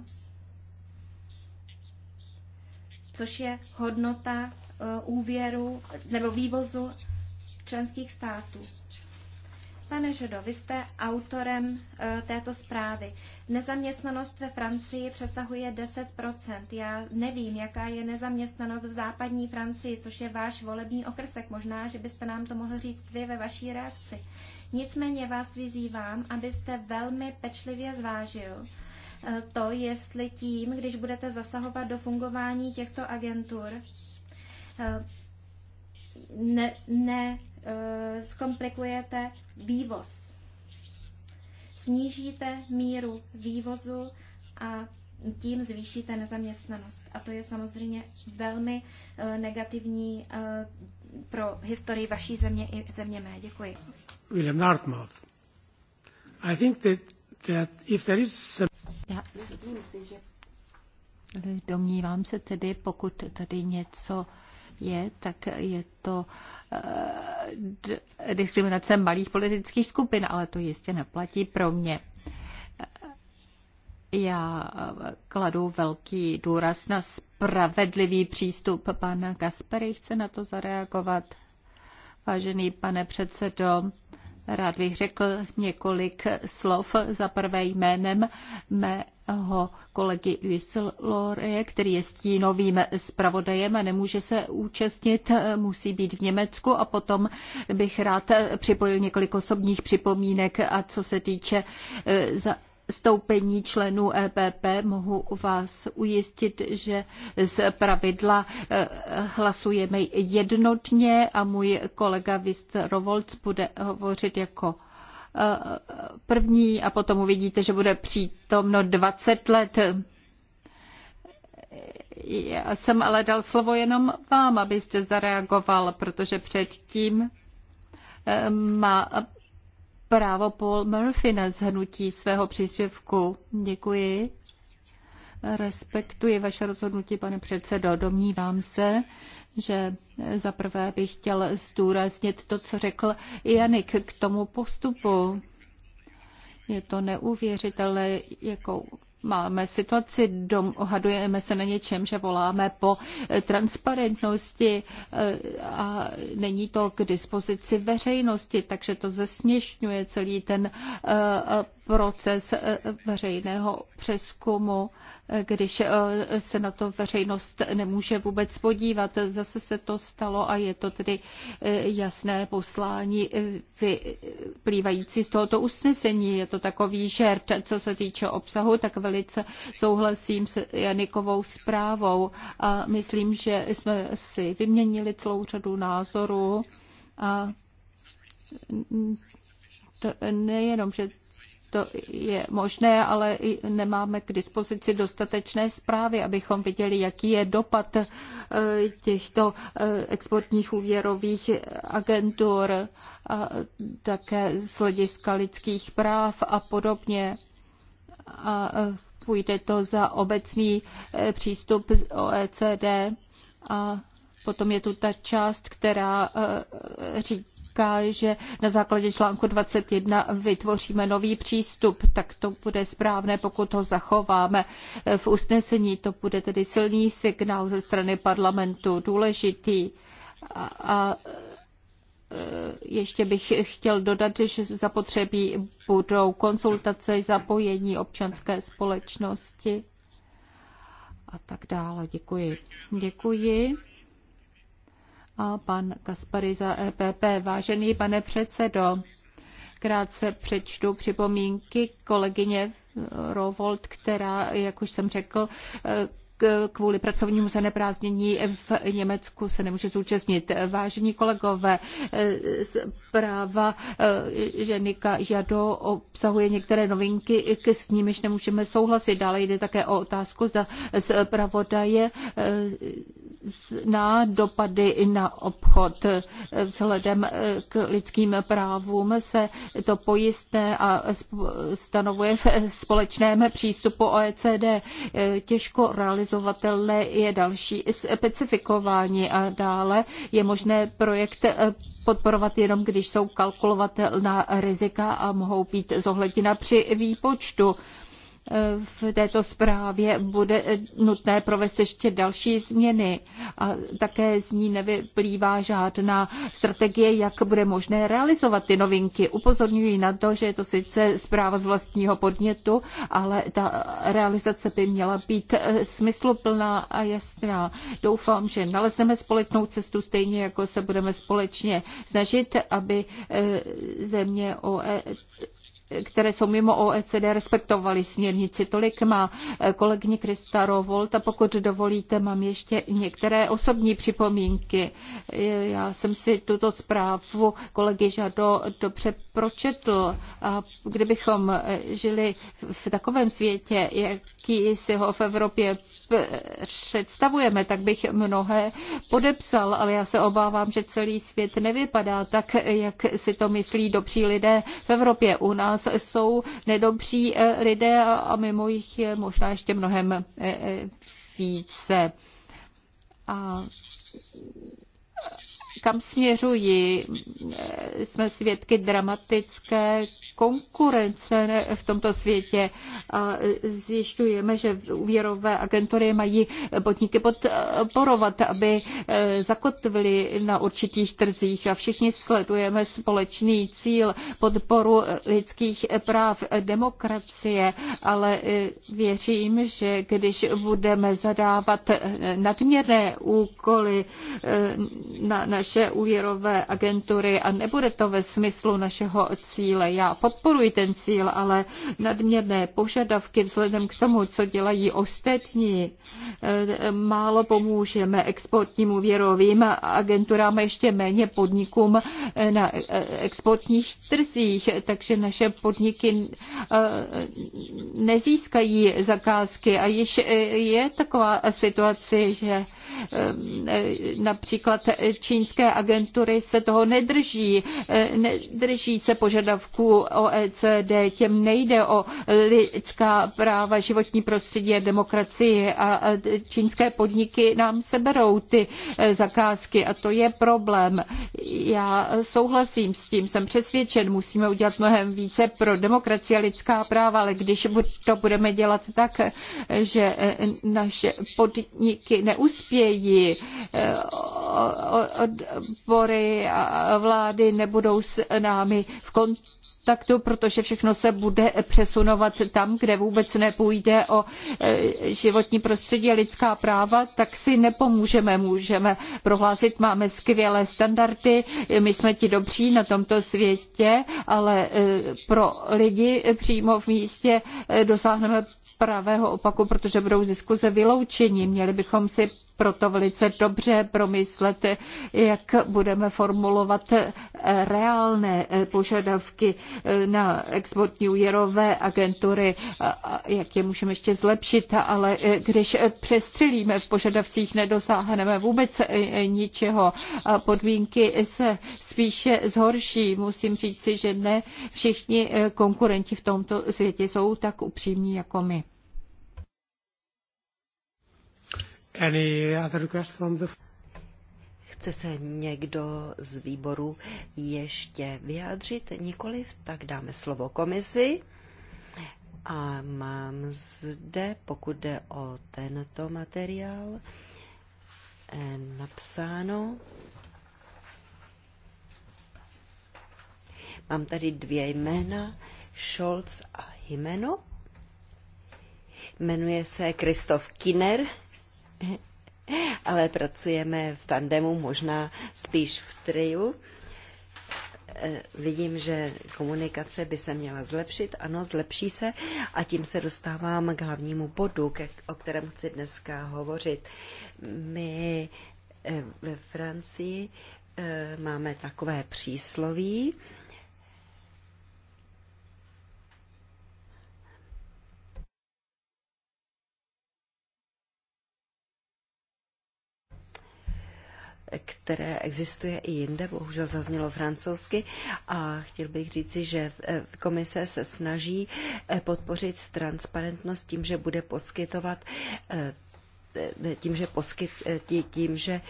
což je hodnota eh, úvěru nebo vývozu členských států. Pane Žodo, vy jste autorem e, této zprávy. Nezaměstnanost ve Francii přesahuje 10 Já nevím, jaká je nezaměstnanost v západní Francii, což je váš volební okrsek. Možná, že byste nám to mohl říct vy ve vaší reakci. Nicméně vás vyzývám, abyste velmi pečlivě zvážil e, to, jestli tím, když budete zasahovat do fungování těchto agentur, e, ne, ne Eh, zkomplikujete vývoz. Snížíte míru vývozu a tím zvýšíte nezaměstnanost. A to je samozřejmě velmi eh, negativní eh, pro historii vaší země i země mé. Děkuji. William Nartmouth. I think that, that if there is some... Já domnívám se tedy, pokud tady něco je, tak je to eh, diskriminace malých politických skupin, ale to jistě neplatí pro mě. Já eh, kladu velký důraz na spravedlivý přístup. Pan Kaspery chce na to zareagovat. Vážený pane předsedo, Rád bych řekl několik slov za prvé jménem mého kolegy Whistlelore, který je stínovým zpravodajem a nemůže se účastnit, musí být v Německu a potom bych rád připojil několik osobních připomínek a co se týče eh, za Stoupení členů EPP mohu vás ujistit, že z pravidla eh, hlasujeme jednotně a můj kolega Vistrovolc bude hovořit jako eh, první a potom uvidíte, že bude přítomno 20 let. Já jsem ale dal slovo jenom vám, abyste zareagoval, protože předtím eh, má právo Paul Murphy na zhrnutí svého příspěvku. Děkuji. Respektuji vaše rozhodnutí, pane předsedo. Domnívám se, že za prvé bych chtěl zdůraznit to, co řekl Janik k tomu postupu. Je to neuvěřitelné, jakou máme situaci, dom, ohadujeme se na něčem, že voláme po eh, transparentnosti eh, a není to k dispozici veřejnosti, takže to zesměšňuje celý ten eh, proces eh, veřejného přeskumu, eh, když eh, se na to veřejnost nemůže vůbec podívat. Zase se to stalo a je to tedy jasné poslání vyplývající z tohoto usnesení. Je to takový žert, co se týče obsahu, tak velice souhlasím s Janikovou zprávou a myslím, že jsme si vyměnili celou řadu názorů a nejenom, že to je možné, ale nemáme k dispozici dostatečné zprávy, abychom viděli, jaký je dopad eh, těchto eh, exportních úvěrových agentur, a také z hlediska lidských práv a podobně. A eh, půjde to za obecný přístup z OECD a Potom je tu ta část, která říká, říká, že na základě článku 21 vytvoříme nový přístup, tak to bude správné, pokud ho zachováme v usnesení. To bude tedy silný signál ze strany parlamentu, důležitý. A, a e, ještě bych chtěl dodat, že zapotřebí budou konzultace, zapojení občanské společnosti a tak dále. Děkuji. Děkuji a pan Kaspary za EPP. Vážený pane předsedo, krátce přečtu připomínky kolegyně Rovold, která, jak už jsem řekl, kvůli pracovnímu zaneprázdnění v Německu se nemůže zúčastnit. Vážení kolegové, zpráva eh, Ženika Jado obsahuje některé novinky, s nimiž nemůžeme souhlasit. Dále jde také o otázku, zda zpravodaje eh, na dopady na obchod. Vzhledem eh, k lidským právům se to pojistné a stanovuje v společném přístupu OECD. Těžko realizovat realizovatelné je další specifikování a dále je možné projekt eh, podporovat jenom, když jsou kalkulovatelná rizika a mohou být zohledněna při výpočtu v této zprávě bude nutné provést ještě další změny a také z ní nevyplývá žádná strategie, jak bude možné realizovat ty novinky. Upozorňuji na to, že je to sice zpráva z vlastního podnětu, ale ta realizace by měla být eh, smysluplná a jasná. Doufám, že nalezneme společnou cestu stejně, jako se budeme společně snažit, aby eh, země OE které jsou mimo OECD, respektovaly směrnici. Tolik má eh, kolegyně Krista Rovolt a pokud dovolíte, mám ještě některé osobní připomínky. Já jsem si tuto zprávu kolegy Žado dobře pročetl. A kdybychom eh, žili v takovém světě, jaký si ho v Evropě eh, představujeme, tak bych mnohé podepsal, ale já se obávám, že celý svět nevypadá tak, jak si to myslí dobří lidé v Evropě. U nás nás jsou nedobří eh, lidé a mimo jich je možná ještě mnohem eh, eh, více. A kam směřují. Jsme svědky dramatické konkurence v tomto světě. A zjišťujeme, že úvěrové agentury mají podniky podporovat, aby eh, zakotvili na určitých trzích a všichni sledujeme společný cíl podporu lidských práv, demokracie, ale eh, věřím, že když budeme zadávat nadměrné úkoly eh, na naše naše úvěrové agentury a nebude to ve smyslu našeho cíle. Já podporuji ten cíl, ale nadměrné požadavky vzhledem k tomu, co dělají ostatní, eh, málo pomůžeme exportním úvěrovým agenturám a ještě méně podnikům eh, na eh, exportních trzích, takže naše podniky nezískají zakázky a již je taková situace, že například čínské evropské agentury se toho nedrží. Eh, nedrží se požadavků OECD, těm nejde o lidská práva, životní prostředí a demokracii a čínské podniky nám seberou ty eh, zakázky a to je problém. Já souhlasím s tím, jsem přesvědčen, musíme udělat mnohem více pro demokracii a lidská práva, ale když to budeme dělat tak, eh, že naše podniky neuspějí, pory a vlády nebudou s námi v kontaktu protože všechno se bude přesunovat tam, kde vůbec nepůjde o e, životní prostředí a lidská práva, tak si nepomůžeme. Můžeme prohlásit, máme skvělé standardy, my jsme ti dobří na tomto světě, ale e, pro lidi přímo v místě e, dosáhneme pravého opaku, protože budou z diskuze vyloučeni. Měli bychom si proto velice dobře promyslet, jak budeme formulovat eh, reálné eh, požadavky eh, na exportní úvěrové agentury, jak je můžeme ještě zlepšit, ale když přestřelíme v požadavcích, nedosáhneme vůbec ničeho. Podmínky se spíše zhorší. Musím si, že ne všichni konkurenti v tomto světě jsou tak upřímní jako my. Any other from the... Chce se někdo z výboru ještě vyjádřit? Nikoliv, tak dáme slovo komisi. A mám zde, pokud jde o tento materiál, eh, napsáno. Mám tady dvě jména, Scholz a Jimeno. Jmenuje se Kristof Kiner, ale pracujeme v tandemu, možná spíš v triu. E, vidím, že komunikace by se měla zlepšit. Ano, zlepší se a tím se dostávám k hlavnímu bodu, o kterém chci dneska hovořit. My e, ve Francii e, máme takové přísloví, které existuje i jinde, bohužel zaznělo francouzsky a chtěl bych říci, že eh, komise se snaží eh, podpořit transparentnost tím, že bude poskytovat eh, tím, že, poskyt, tím, že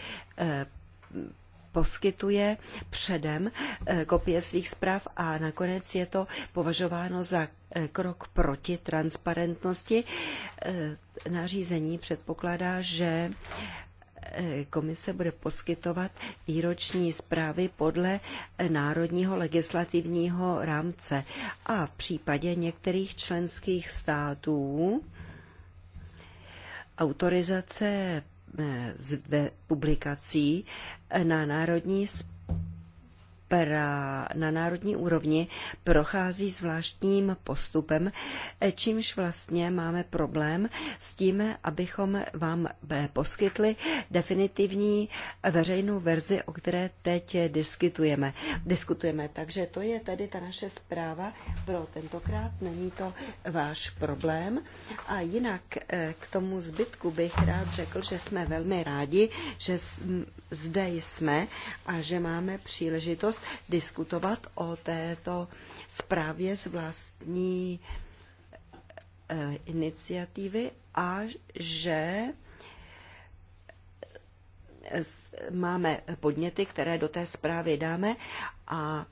poskytuje předem kopie svých zpráv a nakonec je to považováno za krok proti transparentnosti. Nařízení předpokládá, že Eh, komise bude poskytovat výroční zprávy podle eh, národního legislativního rámce a v případě některých členských států autorizace eh, z publikací na národní opera na národní úrovni prochází zvláštním postupem, čímž vlastně máme problém s tím, abychom vám eh, poskytli definitivní veřejnou verzi, o které teď diskutujeme. diskutujeme. Takže to je tedy ta naše zpráva pro tentokrát. Není to váš problém. A jinak eh, k tomu zbytku bych rád řekl, že jsme velmi rádi, že zde jsme a že máme příležitost diskutovat o této zprávě z vlastní eh, iniciativy a že eh, máme podněty, které do té zprávy dáme a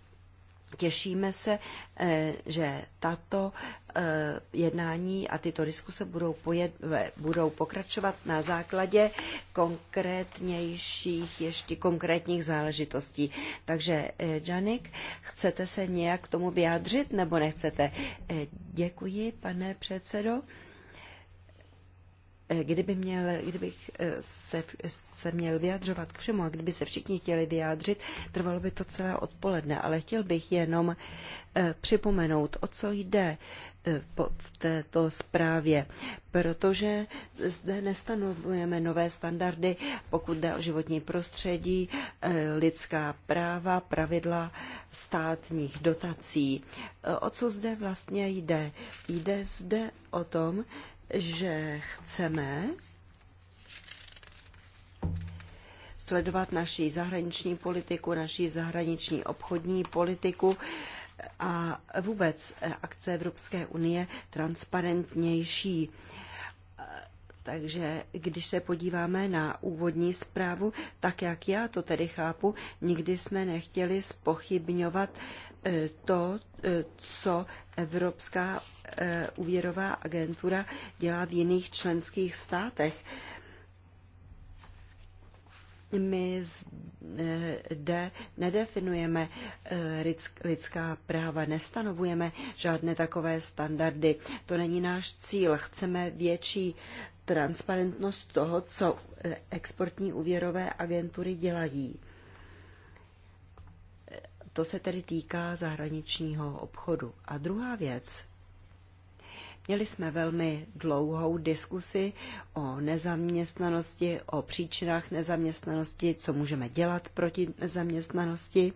těšíme se, eh, že tato Eh, jednání a tyto diskuse budou, pojed, budou pokračovat na základě konkrétnějších, ještě konkrétních záležitostí. Takže, eh, Janik, chcete se nějak k tomu vyjádřit nebo nechcete? Eh, děkuji, pane předsedo. Kdyby měl, kdybych eh, se, se měl vyjadřovat k všemu a kdyby se všichni chtěli vyjádřit, trvalo by to celé odpoledne, ale chtěl bych jenom eh, připomenout, o co jde eh, v této zprávě, protože zde nestanovujeme nové standardy, pokud jde o životní prostředí, lidská práva, pravidla státních dotací. O co zde vlastně jde? Jde zde o tom, že chceme sledovat naší zahraniční politiku, naší zahraniční obchodní politiku a vůbec akce Evropské unie transparentnější. Takže když se podíváme na úvodní zprávu, tak jak já to tedy chápu, nikdy jsme nechtěli spochybňovat to, eh, co Evropská eh, úvěrová agentura dělá v jiných členských státech. My zde eh, nedefinujeme lidská práva, nestanovujeme žádné takové standardy. To není náš cíl. Chceme větší transparentnost toho, co exportní úvěrové agentury dělají. To se tedy týká zahraničního obchodu. A druhá věc. Měli jsme velmi dlouhou diskusi o nezaměstnanosti, o příčinách nezaměstnanosti, co můžeme dělat proti nezaměstnanosti.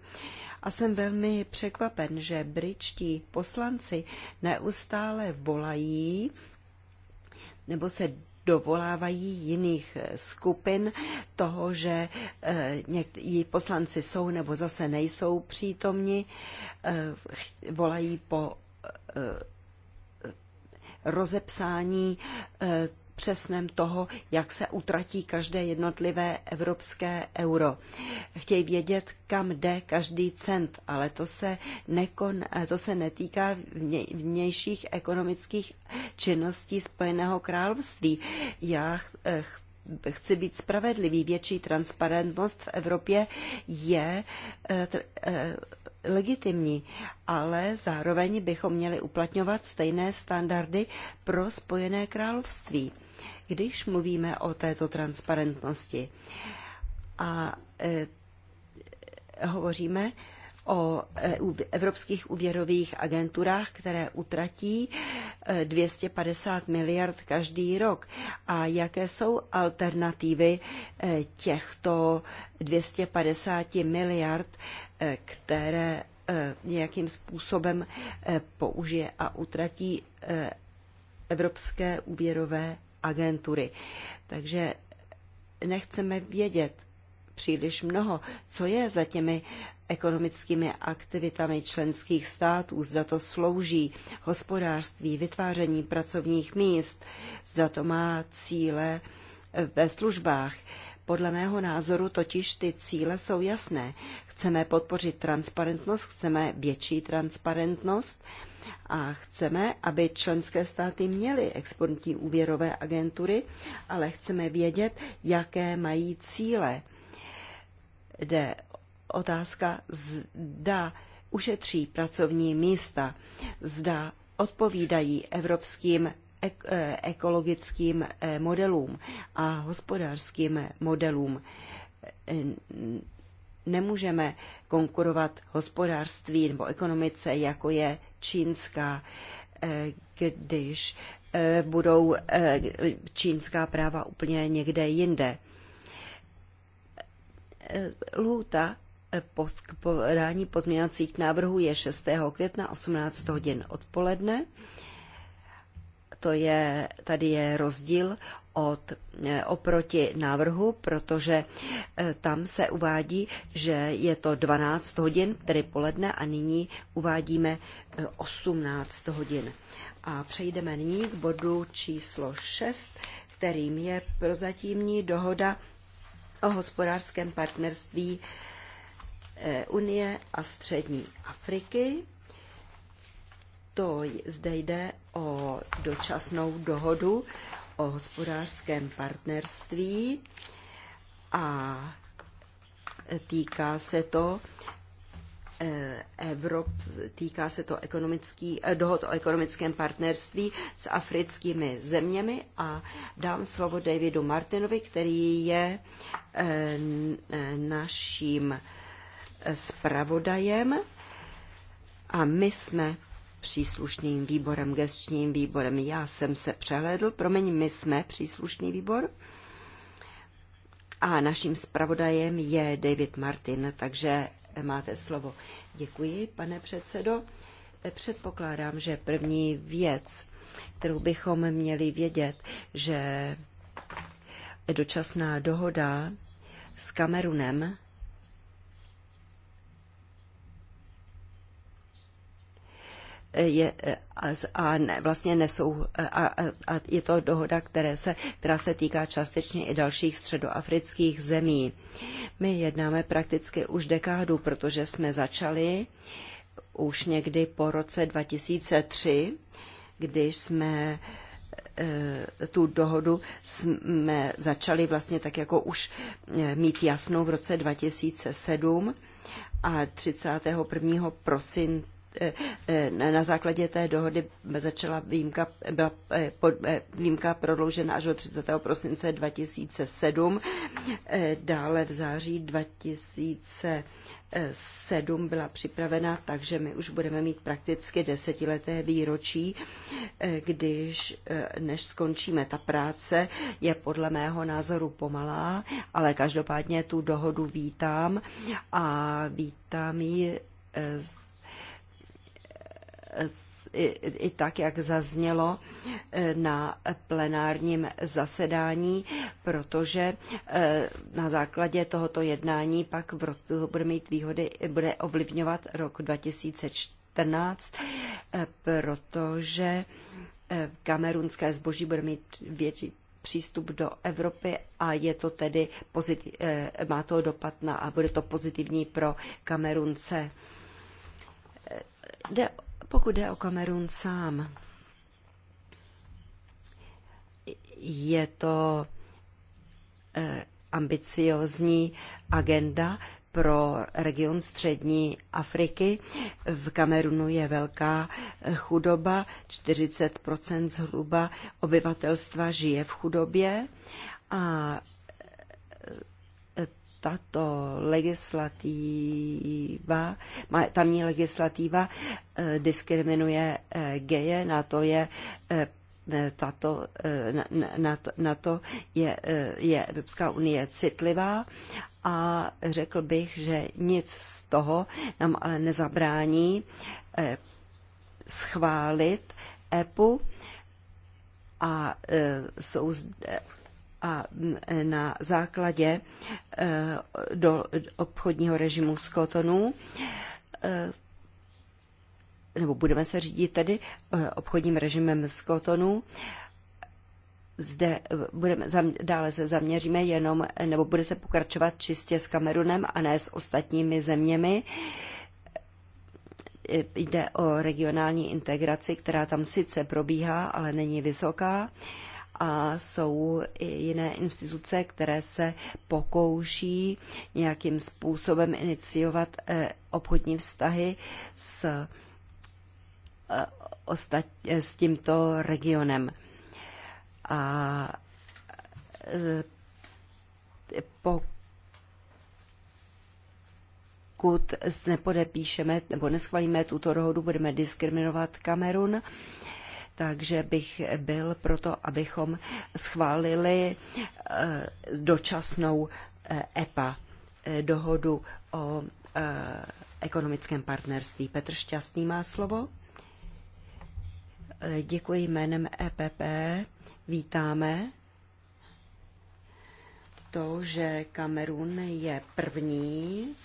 A jsem velmi překvapen, že britští poslanci neustále volají nebo se dovolávají jiných eh, skupin toho, že eh, někteří poslanci jsou nebo zase nejsou přítomni, eh, volají po rozepsání přesném toho, jak se utratí každé jednotlivé evropské euro. Chtějí vědět, kam jde každý cent, ale to se, nekon, to se netýká vnějších ekonomických činností Spojeného království. Já chci být spravedlivý. Větší transparentnost v Evropě je eh, eh, legitimní, ale zároveň bychom měli uplatňovat stejné standardy pro Spojené království když mluvíme o této transparentnosti. A e, hovoříme o e, evropských úvěrových agenturách, které utratí 250 e, miliard každý rok. A jaké jsou alternativy těchto 250 miliard, které nějakým způsobem použije a utratí evropské úvěrové agentury. Takže nechceme vědět příliš mnoho, co je za těmi ekonomickými aktivitami členských států, zda to slouží hospodářství, vytváření pracovních míst, zda to má cíle eh, ve službách. Podle mého názoru totiž ty cíle jsou jasné. Chceme podpořit transparentnost, chceme větší transparentnost a chceme, aby členské státy měly exportní úvěrové agentury, ale chceme vědět, jaké mají cíle. Jde otázka, zda ušetří pracovní místa, zda odpovídají evropským Eh, ekologickým eh, modelům a hospodářským modelům. Eh, nemůžeme konkurovat hospodářství nebo ekonomice, jako je čínská, když budou čínská práva úplně někde jinde. Lhůta k podání pozměňovacích návrhů je 6. května 18 hodin odpoledne to je, tady je rozdíl od, e, oproti návrhu, protože e, tam se uvádí, že je to 12 hodin, tedy poledne, a nyní uvádíme 18 e, hodin. A přejdeme nyní k bodu číslo 6, kterým je prozatímní dohoda o hospodářském partnerství Unie a Střední Afriky to zde jde o dočasnou dohodu o hospodářském partnerství a týká se to eh, Evrop, týká se to ekonomický, eh, dohod o ekonomickém partnerství s africkými zeměmi a dám slovo Davidu Martinovi, který je eh, naším zpravodajem a my jsme příslušným výborem, gestčním výborem. Já jsem se přehlédl, promiň, my jsme příslušný výbor. A naším zpravodajem je David Martin, takže máte slovo. Děkuji, pane předsedo. Předpokládám, že první věc, kterou bychom měli vědět, že dočasná dohoda s Kamerunem je, eh, a vlastně nesou, eh, a, a, a je to dohoda, které se, která se týká částečně i dalších středoafrických zemí. My jednáme prakticky už dekádu, protože jsme začali už někdy po roce 2003, když jsme eh, tu dohodu jsme začali vlastně tak jako už mít jasnou v roce 2007 a 31. prosince Eh, eh, na základě té dohody začala výjimka, byla eh, pod, výjimka prodloužena až do 30. prosince 2007. Dále v září 2007 byla připravena, takže my už budeme mít prakticky desetileté výročí, když než skončíme. Ta práce je podle mého názoru pomalá, ale každopádně tu dohodu vítám a vítám ji z i, i tak, jak zaznělo e, na plenárním zasedání, protože e, na základě tohoto jednání pak v roce bude mít výhody, bude ovlivňovat rok 2014, e, protože kamerunské zboží bude mít větší přístup do Evropy a je to tedy pozitiv, má to dopad na a bude to pozitivní pro Kamerunce. Jde pokud jde o Kamerun sám, je to eh, ambiciozní agenda pro region střední Afriky. V Kamerunu je velká eh, chudoba, 40 zhruba obyvatelstva žije v chudobě a eh, tato legislativa, tamní legislativa eh, diskriminuje eh, geje, na to je eh, tato, na, na, na to je, je Evropská unie citlivá a řekl bych, že nic z toho nám ale nezabrání schválit EPU a jsou zde a na základě eh, do obchodního režimu z kotonu eh, nebo budeme se řídit tedy eh, obchodním režimem z kotonu. Zde budeme, dále se zaměříme jenom, nebo bude se pokračovat čistě s Kamerunem a ne s ostatními zeměmi. Jde o regionální integraci, která tam sice probíhá, ale není vysoká a jsou i jiné instituce, které se pokouší nějakým způsobem iniciovat eh, obchodní vztahy s, eh, eh, s tímto regionem. A pokud nepodepíšeme nebo neschválíme tuto dohodu, budeme diskriminovat Kamerun takže bych byl proto, abychom schválili eh, dočasnou eh, EPA, eh, dohodu o ekonomickém partnerství. Petr Šťastný má slovo. Děkuji jménem EPP. Vítáme to, že Kamerun je první.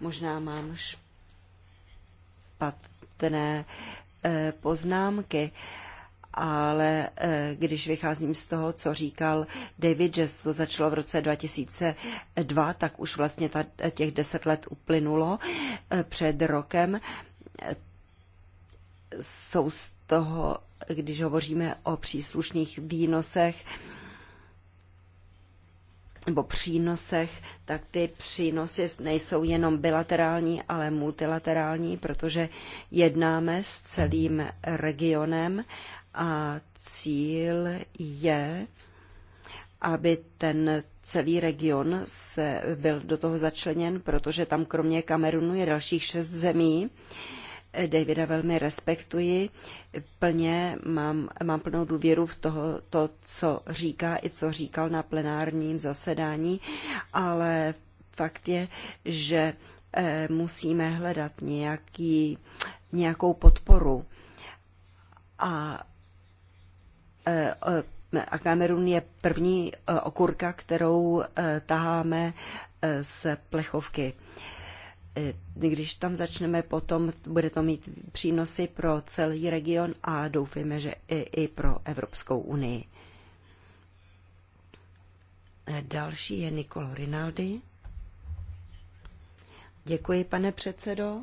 Možná mám špatné Eh, poznámky ale eh, když vycházím z toho, co říkal David, že to začalo v roce 2002, tak už vlastně ta, těch deset let uplynulo eh, před rokem. Jsou z toho, když hovoříme o příslušných výnosech, nebo přínosech, tak ty přínosy nejsou jenom bilaterální, ale multilaterální, protože jednáme s celým regionem a cíl je, aby ten celý region se byl do toho začleněn, protože tam kromě Kamerunu je dalších šest zemí, Davida velmi respektuji, plně mám, mám plnou důvěru v toho, to, co říká i co říkal na plenárním zasedání, ale fakt je, že eh, musíme hledat nějaký, nějakou podporu. A eh, eh, a Kamerun je první okurka, kterou taháme z plechovky. E, když tam začneme potom, bude to mít přínosy pro celý region a doufejme, že i, i pro Evropskou unii. E, další je Nikolo Rinaldi. Děkuji, pane předsedo.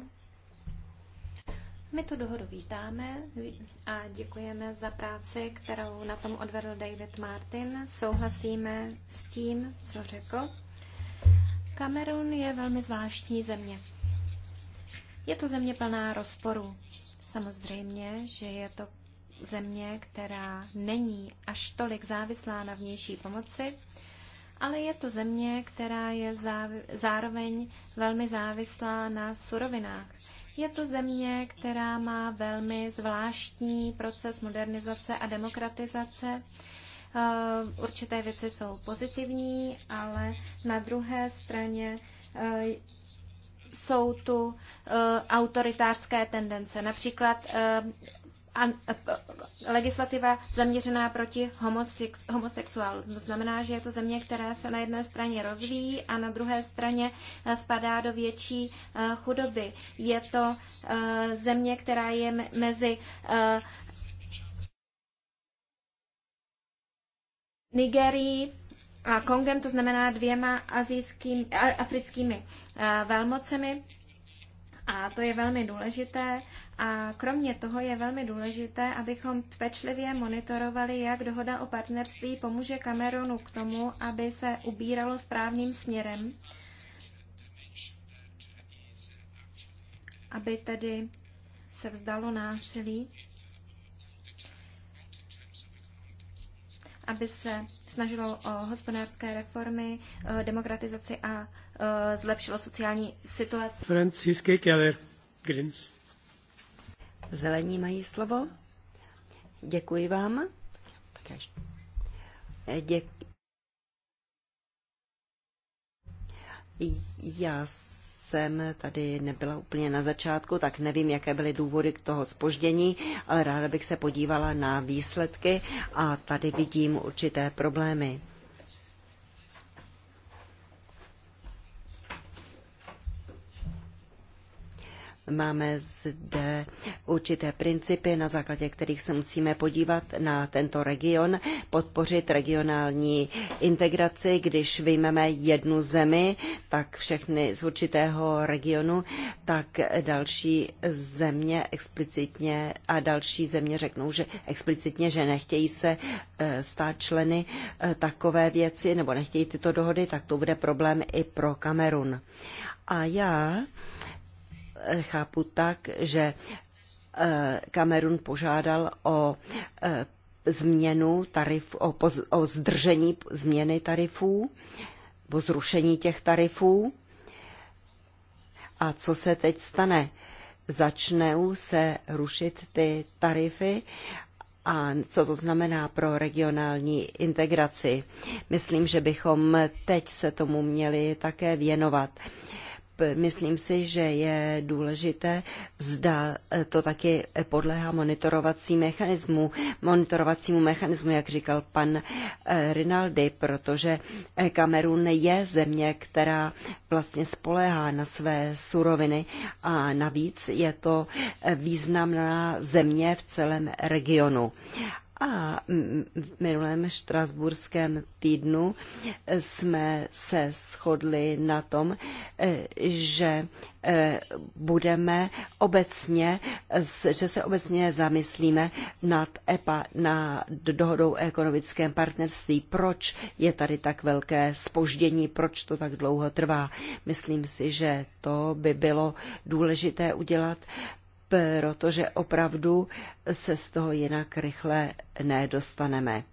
My tu dohodu vítáme a děkujeme za práci, kterou na tom odvedl David Martin. Souhlasíme s tím, co řekl. Kamerun je velmi zvláštní země. Je to země plná rozporů. Samozřejmě, že je to země, která není až tolik závislá na vnější pomoci, ale je to země, která je zároveň velmi závislá na surovinách. Je to země, která má velmi zvláštní proces modernizace a demokratizace. Eh, určité věci jsou pozitivní, ale na druhé straně eh, jsou tu eh, autoritářské tendence. Například legislativa zaměřená proti homosex, homosexuálům. To znamená, že je to země, která se na jedné straně rozvíjí a na druhé straně spadá do větší chudoby. Je to země, která je mezi Nigerii a Kongem, to znamená dvěma azijským, africkými velmocemi. A to je velmi důležité. A kromě toho je velmi důležité, abychom pečlivě monitorovali, jak dohoda o partnerství pomůže Kamerunu k tomu, aby se ubíralo správným směrem, aby tedy se vzdalo násilí. aby se snažilo o hospodářské reformy, demokratizaci a zlepšilo sociální situaci. Francisky Keller, Greens. Zelení mají slovo. Děkuji vám. Děkuji. Já jsem tady nebyla úplně na začátku, tak nevím, jaké byly důvody k toho spoždění, ale ráda bych se podívala na výsledky a tady vidím určité problémy. Máme zde určité principy, na základě kterých se musíme podívat na tento region, podpořit regionální integraci. Když vyjmeme jednu zemi, tak všechny z určitého regionu, tak další země explicitně a další země řeknou, že explicitně, že nechtějí se eh, stát členy eh, takové věci nebo nechtějí tyto dohody, tak to bude problém i pro Kamerun. A já chápu tak, že eh, Kamerun požádal o eh, změnu tarif, o, poz, o zdržení změny tarifů, o zrušení těch tarifů. A co se teď stane? Začnou se rušit ty tarify a co to znamená pro regionální integraci. Myslím, že bychom teď se tomu měli také věnovat. Uh, myslím si, že je důležité, zda to taky podléhá monitorovací mechanismu, monitorovacímu mechanismu, jak říkal pan eh, Rinaldi, protože Kamerun eh, je země, která vlastně spoléhá na své suroviny a navíc je to eh, významná země v celém regionu. A v minulém štrasburském týdnu jsme se shodli na tom, e, že e, budeme obecně, že se obecně zamyslíme nad EPA, na dohodou o ekonomickém partnerství. Proč je tady tak velké spoždění, proč to tak dlouho trvá? Myslím si, že to by bylo důležité udělat protože opravdu se z toho jinak rychle nedostaneme.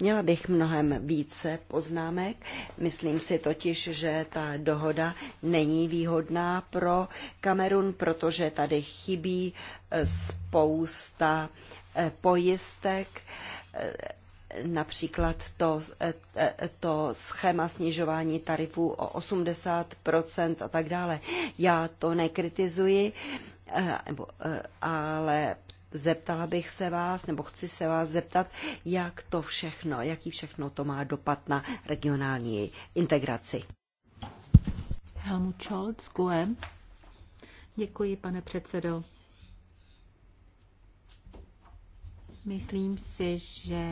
Měla bych mnohem více poznámek. Myslím si totiž, že ta dohoda není výhodná pro Kamerun, protože tady chybí eh, spousta eh, pojistek, eh, například to, to schéma snižování tarifů o 80 a tak dále. Já to nekritizuji, Eh, eh, ale zeptala bych se vás, nebo chci se vás zeptat, jak to všechno, jaký všechno to má dopad na regionální integraci. Helmut Scholz, GUE. Děkuji, pane předsedo. Myslím si, že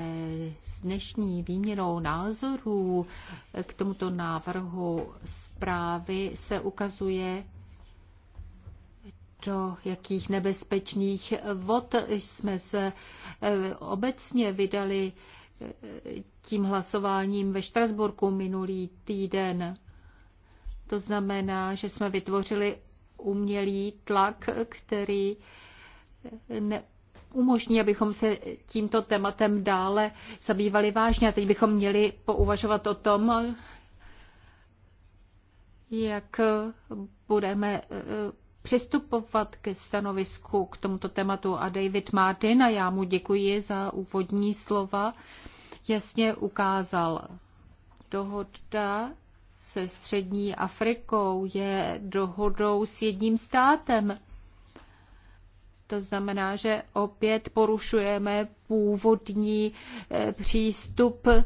s dnešní výměnou názorů k tomuto návrhu zprávy se ukazuje, do jakých nebezpečných vod jsme se eh, obecně vydali eh, tím hlasováním ve Štrasburku minulý týden. To znamená, že jsme vytvořili umělý tlak, který ne umožní, abychom se tímto tématem dále zabývali vážně. A teď bychom měli pouvažovat o tom, jak budeme eh, přistupovat ke stanovisku k tomuto tématu. A David Martin, a já mu děkuji za úvodní slova, jasně ukázal, dohoda se střední Afrikou je dohodou s jedním státem. To znamená, že opět porušujeme původní eh, přístup eh,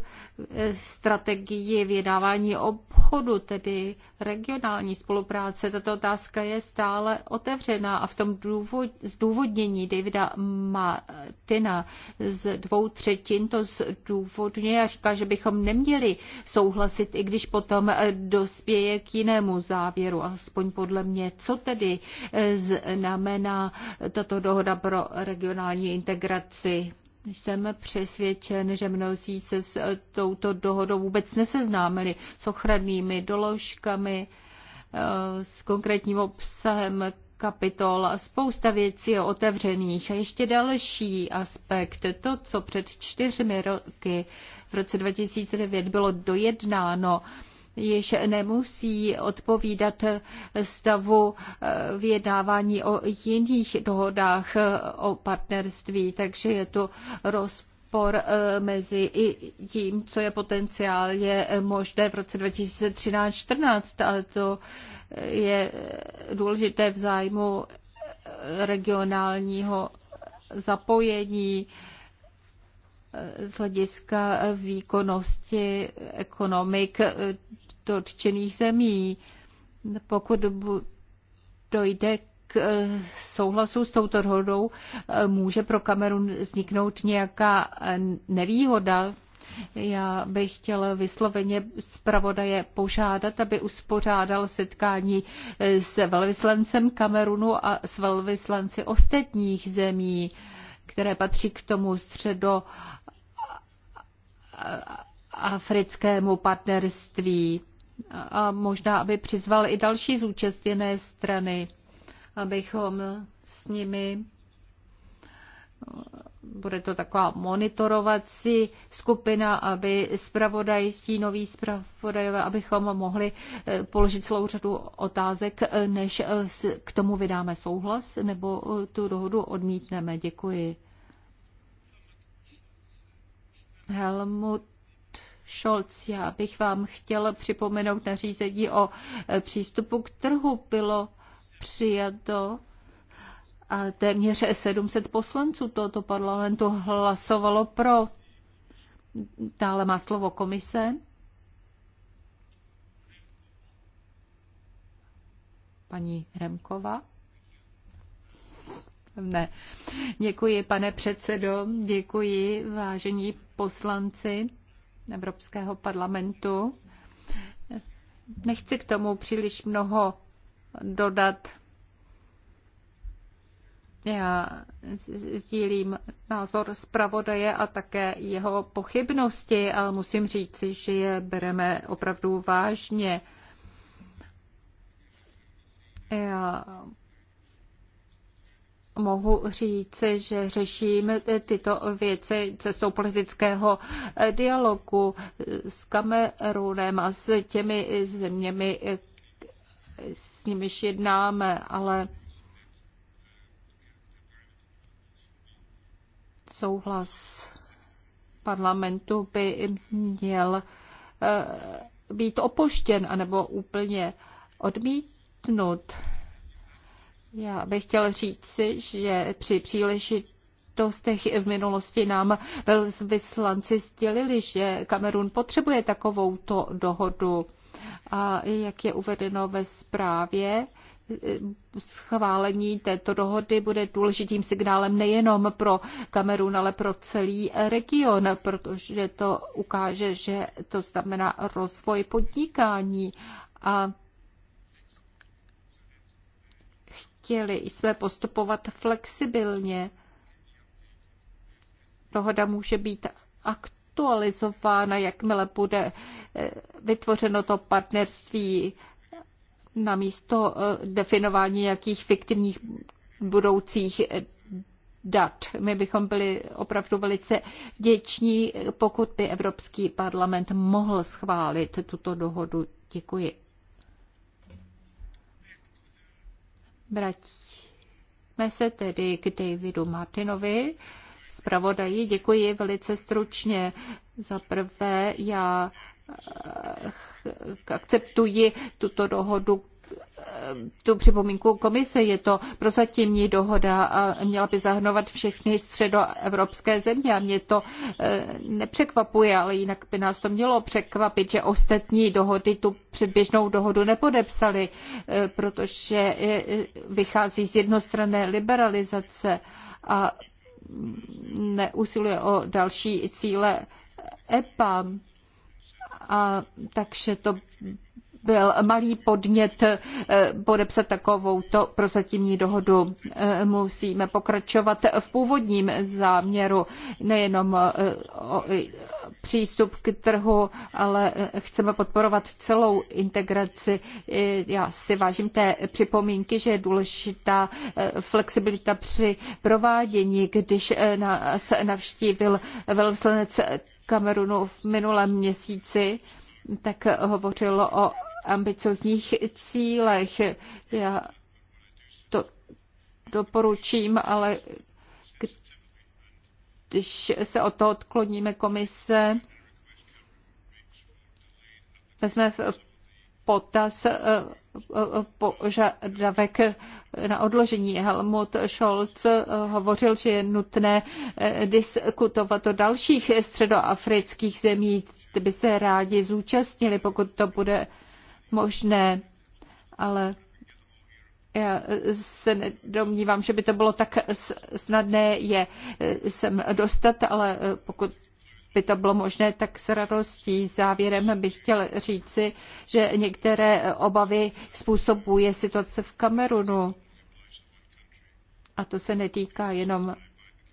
strategii vydávání obchodu, tedy regionální spolupráce. Tato otázka je stále otevřená a v tom důvod, zdůvodnění Davida Martina z dvou třetin to zdůvodňuje a říká, že bychom neměli souhlasit, i když potom eh, dospěje k jinému závěru, alespoň podle mě. Co tedy znamená tato dohoda pro regionální integraci? Jsem přesvědčen, že mnozí se s eh, touto dohodou vůbec neseznámili s ochrannými doložkami, eh, s konkrétním obsahem kapitol a spousta věcí je otevřených. A ještě další aspekt, to, co před čtyřmi roky v roce 2009 bylo dojednáno, již nemusí odpovídat stavu eh, vyjednávání o jiných dohodách eh, o partnerství, takže je to rozpor eh, mezi i tím, co je potenciálně možné v roce 2013-2014, ale to je důležité v zájmu regionálního zapojení z hlediska výkonnosti ekonomik dotčených zemí. Pokud dojde k eh, souhlasu s touto dohodou, eh, může pro Kamerun vzniknout nějaká eh, nevýhoda. Já bych chtěl vysloveně zpravodaje požádat, aby uspořádal setkání s velvyslancem Kamerunu a s velvyslanci ostatních zemí, které patří k tomu středo africkému partnerství a možná, aby přizval i další zúčastněné strany, abychom s nimi bude to taková monitorovací skupina, aby zpravodajství, nový zpravodajové, abychom mohli eh, položit celou řadu otázek, eh, než eh, k tomu vydáme souhlas, nebo tu dohodu odmítneme. Děkuji. Helmut Scholz, já bych vám chtěl připomenout nařízení o e, přístupu k trhu. Bylo přijato a téměř 700 poslanců tohoto parlamentu hlasovalo pro. Dále má slovo komise. Paní Remkova. Ne. Děkuji, pane předsedo, děkuji, vážení poslanci. Evropského parlamentu. Nechci k tomu příliš mnoho dodat. Já sdílím názor zpravodaje a také jeho pochybnosti, ale musím říct, že je bereme opravdu vážně. Já mohu říci, že řešíme tyto věci cestou politického eh, dialogu eh, s Kamerunem a s těmi zeměmi, eh, s nimiž jednáme, ale souhlas parlamentu by měl být opuštěn anebo úplně odmítnut. Já bych chtěl si, že při příležitostech v minulosti nám vyslanci sdělili, že Kamerun potřebuje takovouto dohodu. A jak je uvedeno ve zprávě, schválení této dohody bude důležitým signálem nejenom pro Kamerun, ale pro celý region, protože to ukáže, že to znamená rozvoj podnikání a chtěli jsme postupovat flexibilně. Dohoda může být aktualizována, jakmile bude eh, vytvořeno to partnerství na místo eh, definování jakých fiktivních budoucích eh, dat. My bychom byli opravdu velice vděční, pokud by Evropský parlament mohl schválit tuto dohodu. Děkuji. Vraťme se tedy k Davidu Martinovi. Zpravodaji, děkuji velice stručně. Za prvé, já eh, akceptuji tuto dohodu tu připomínku komise. Je to prozatímní dohoda a měla by zahrnovat všechny středoevropské země. A mě to eh, nepřekvapuje, ale jinak by nás to mělo překvapit, že ostatní dohody tu předběžnou dohodu nepodepsali, eh, protože eh, vychází z jednostranné liberalizace a neusiluje o další cíle EPA. A takže to byl malý podnět eh, podepsat takovouto prozatímní dohodu. Eh, musíme pokračovat v původním záměru, nejenom eh, přístup k trhu, ale chceme podporovat celou integraci. Já si vážím té připomínky, že je důležitá flexibilita při provádění, když nás navštívil velvyslanec Kamerunu v minulém měsíci, tak hovořil o ambiciozních cílech. Já to doporučím, ale když se o to odkloníme komise, vezme v potaz eh, eh, požadavek na odložení. Helmut Scholz eh, hovořil, že je nutné diskutovat o dalších středoafrických zemích, by se rádi zúčastnili, pokud to bude možné, ale já se nedomnívám, že by to bylo tak snadné je eh, sem dostat, ale eh, pokud by to bylo možné, tak s radostí závěrem bych chtěl říci, že některé eh, obavy způsobuje situace v Kamerunu. A to se netýká jenom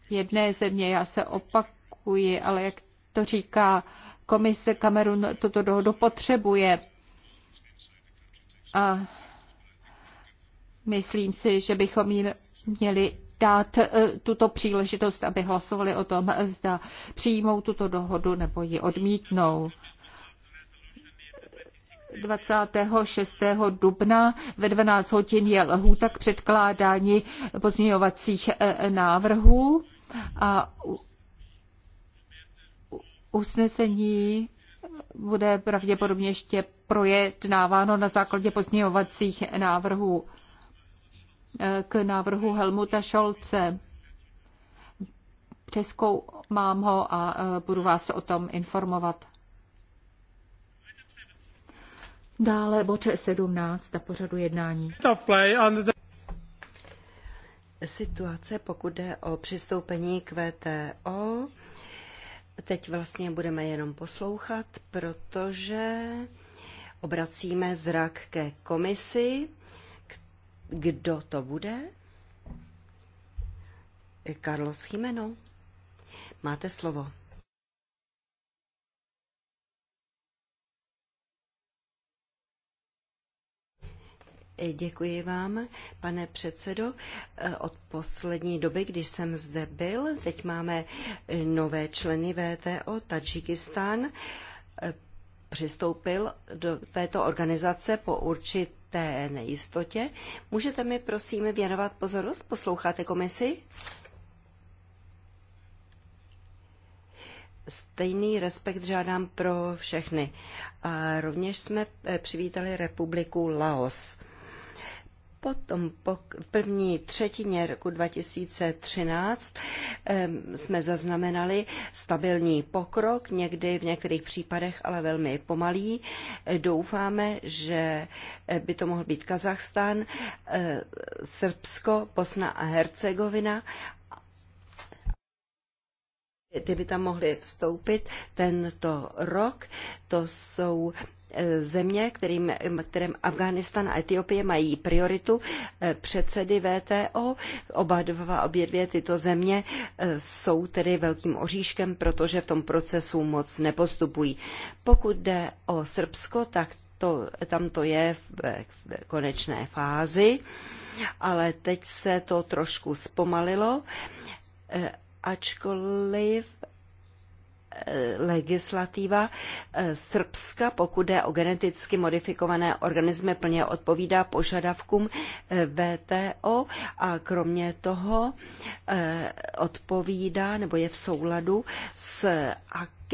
jedné země. Já se opakuji, ale jak to říká komise, Kamerun tuto dohodu potřebuje. A myslím si, že bychom jim měli dát e, tuto příležitost, aby hlasovali o tom, zda přijmou tuto dohodu nebo ji odmítnou. 26. dubna ve 12 hodin je lhůta k předkládání pozměňovacích e, návrhů a usnesení bude pravděpodobně ještě projednáváno na základě pozměňovacích návrhů eh, k návrhu Helmuta Šolce. Přeskou mám ho a eh, budu vás o tom informovat. Dále bod 17 na pořadu jednání. Situace, pokud jde o přistoupení k VTO, Teď vlastně budeme jenom poslouchat, protože obracíme zrak ke komisi. Kdo to bude? Carlos Jimeno, Máte slovo. Děkuji vám, pane předsedo. Od poslední doby, když jsem zde byl, teď máme eh, nové členy VTO, Tadžikistán eh, přistoupil do této organizace po určité nejistotě. Můžete mi prosím věnovat pozornost? Posloucháte komisi? Stejný respekt žádám pro všechny. A rovněž jsme eh, přivítali republiku Laos. Potom v první třetině roku 2013 jsme zaznamenali stabilní pokrok, někdy v některých případech ale velmi pomalý. Doufáme, že eh, by to mohl být Kazachstán, eh, Srbsko, Bosna a Hercegovina ty by tam mohly vstoupit tento rok. To jsou Eh, země, kterým, kterým Afghánistán a Etiopie mají prioritu eh, předsedy VTO. Oba dva, obě dvě tyto země eh, jsou tedy velkým oříškem, protože v tom procesu moc nepostupují. Pokud jde o Srbsko, tak to, tam to je v konečné fázi, ale teď se to trošku zpomalilo, ačkoliv Eh, legislativa eh, Srbska, pokud je o geneticky modifikované organismy, plně odpovídá požadavkům eh, VTO a kromě toho odpovídá nebo je v souladu s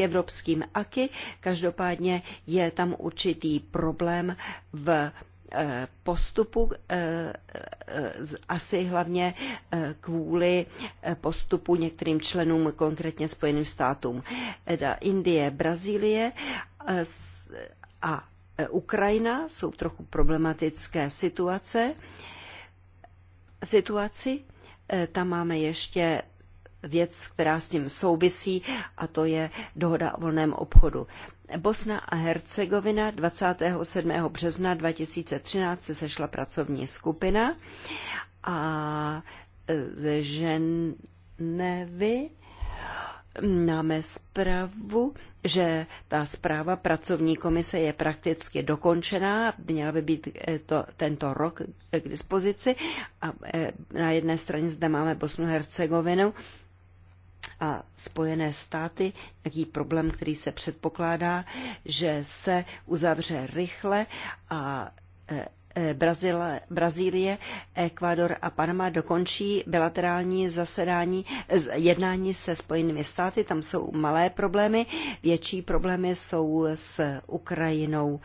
evropským AKI. Každopádně je tam určitý problém v Eh, postupu, eh, eh, asi hlavně kvůli postupu některým členům, konkrétně Spojeným státům. Indie, Brazílie a Ukrajina jsou trochu problematické situace. Situaci. Tam máme ještě věc, která s tím souvisí, a to je dohoda o volném obchodu. Bosna a Hercegovina 27. března 2013 se sešla pracovní skupina a e, ze Ženevy máme zprávu, že ta zpráva pracovní komise je prakticky dokončená, měla by být e, to, tento rok k dispozici. A e, na jedné straně zde máme Bosnu Hercegovinu, a Spojené státy nějaký problém, který se předpokládá, že se uzavře rychle a e, e, Brazil, Brazílie, Ekvador a Panama dokončí bilaterální zasedání, jednání se Spojenými státy. Tam jsou malé problémy, větší problémy jsou s Ukrajinou,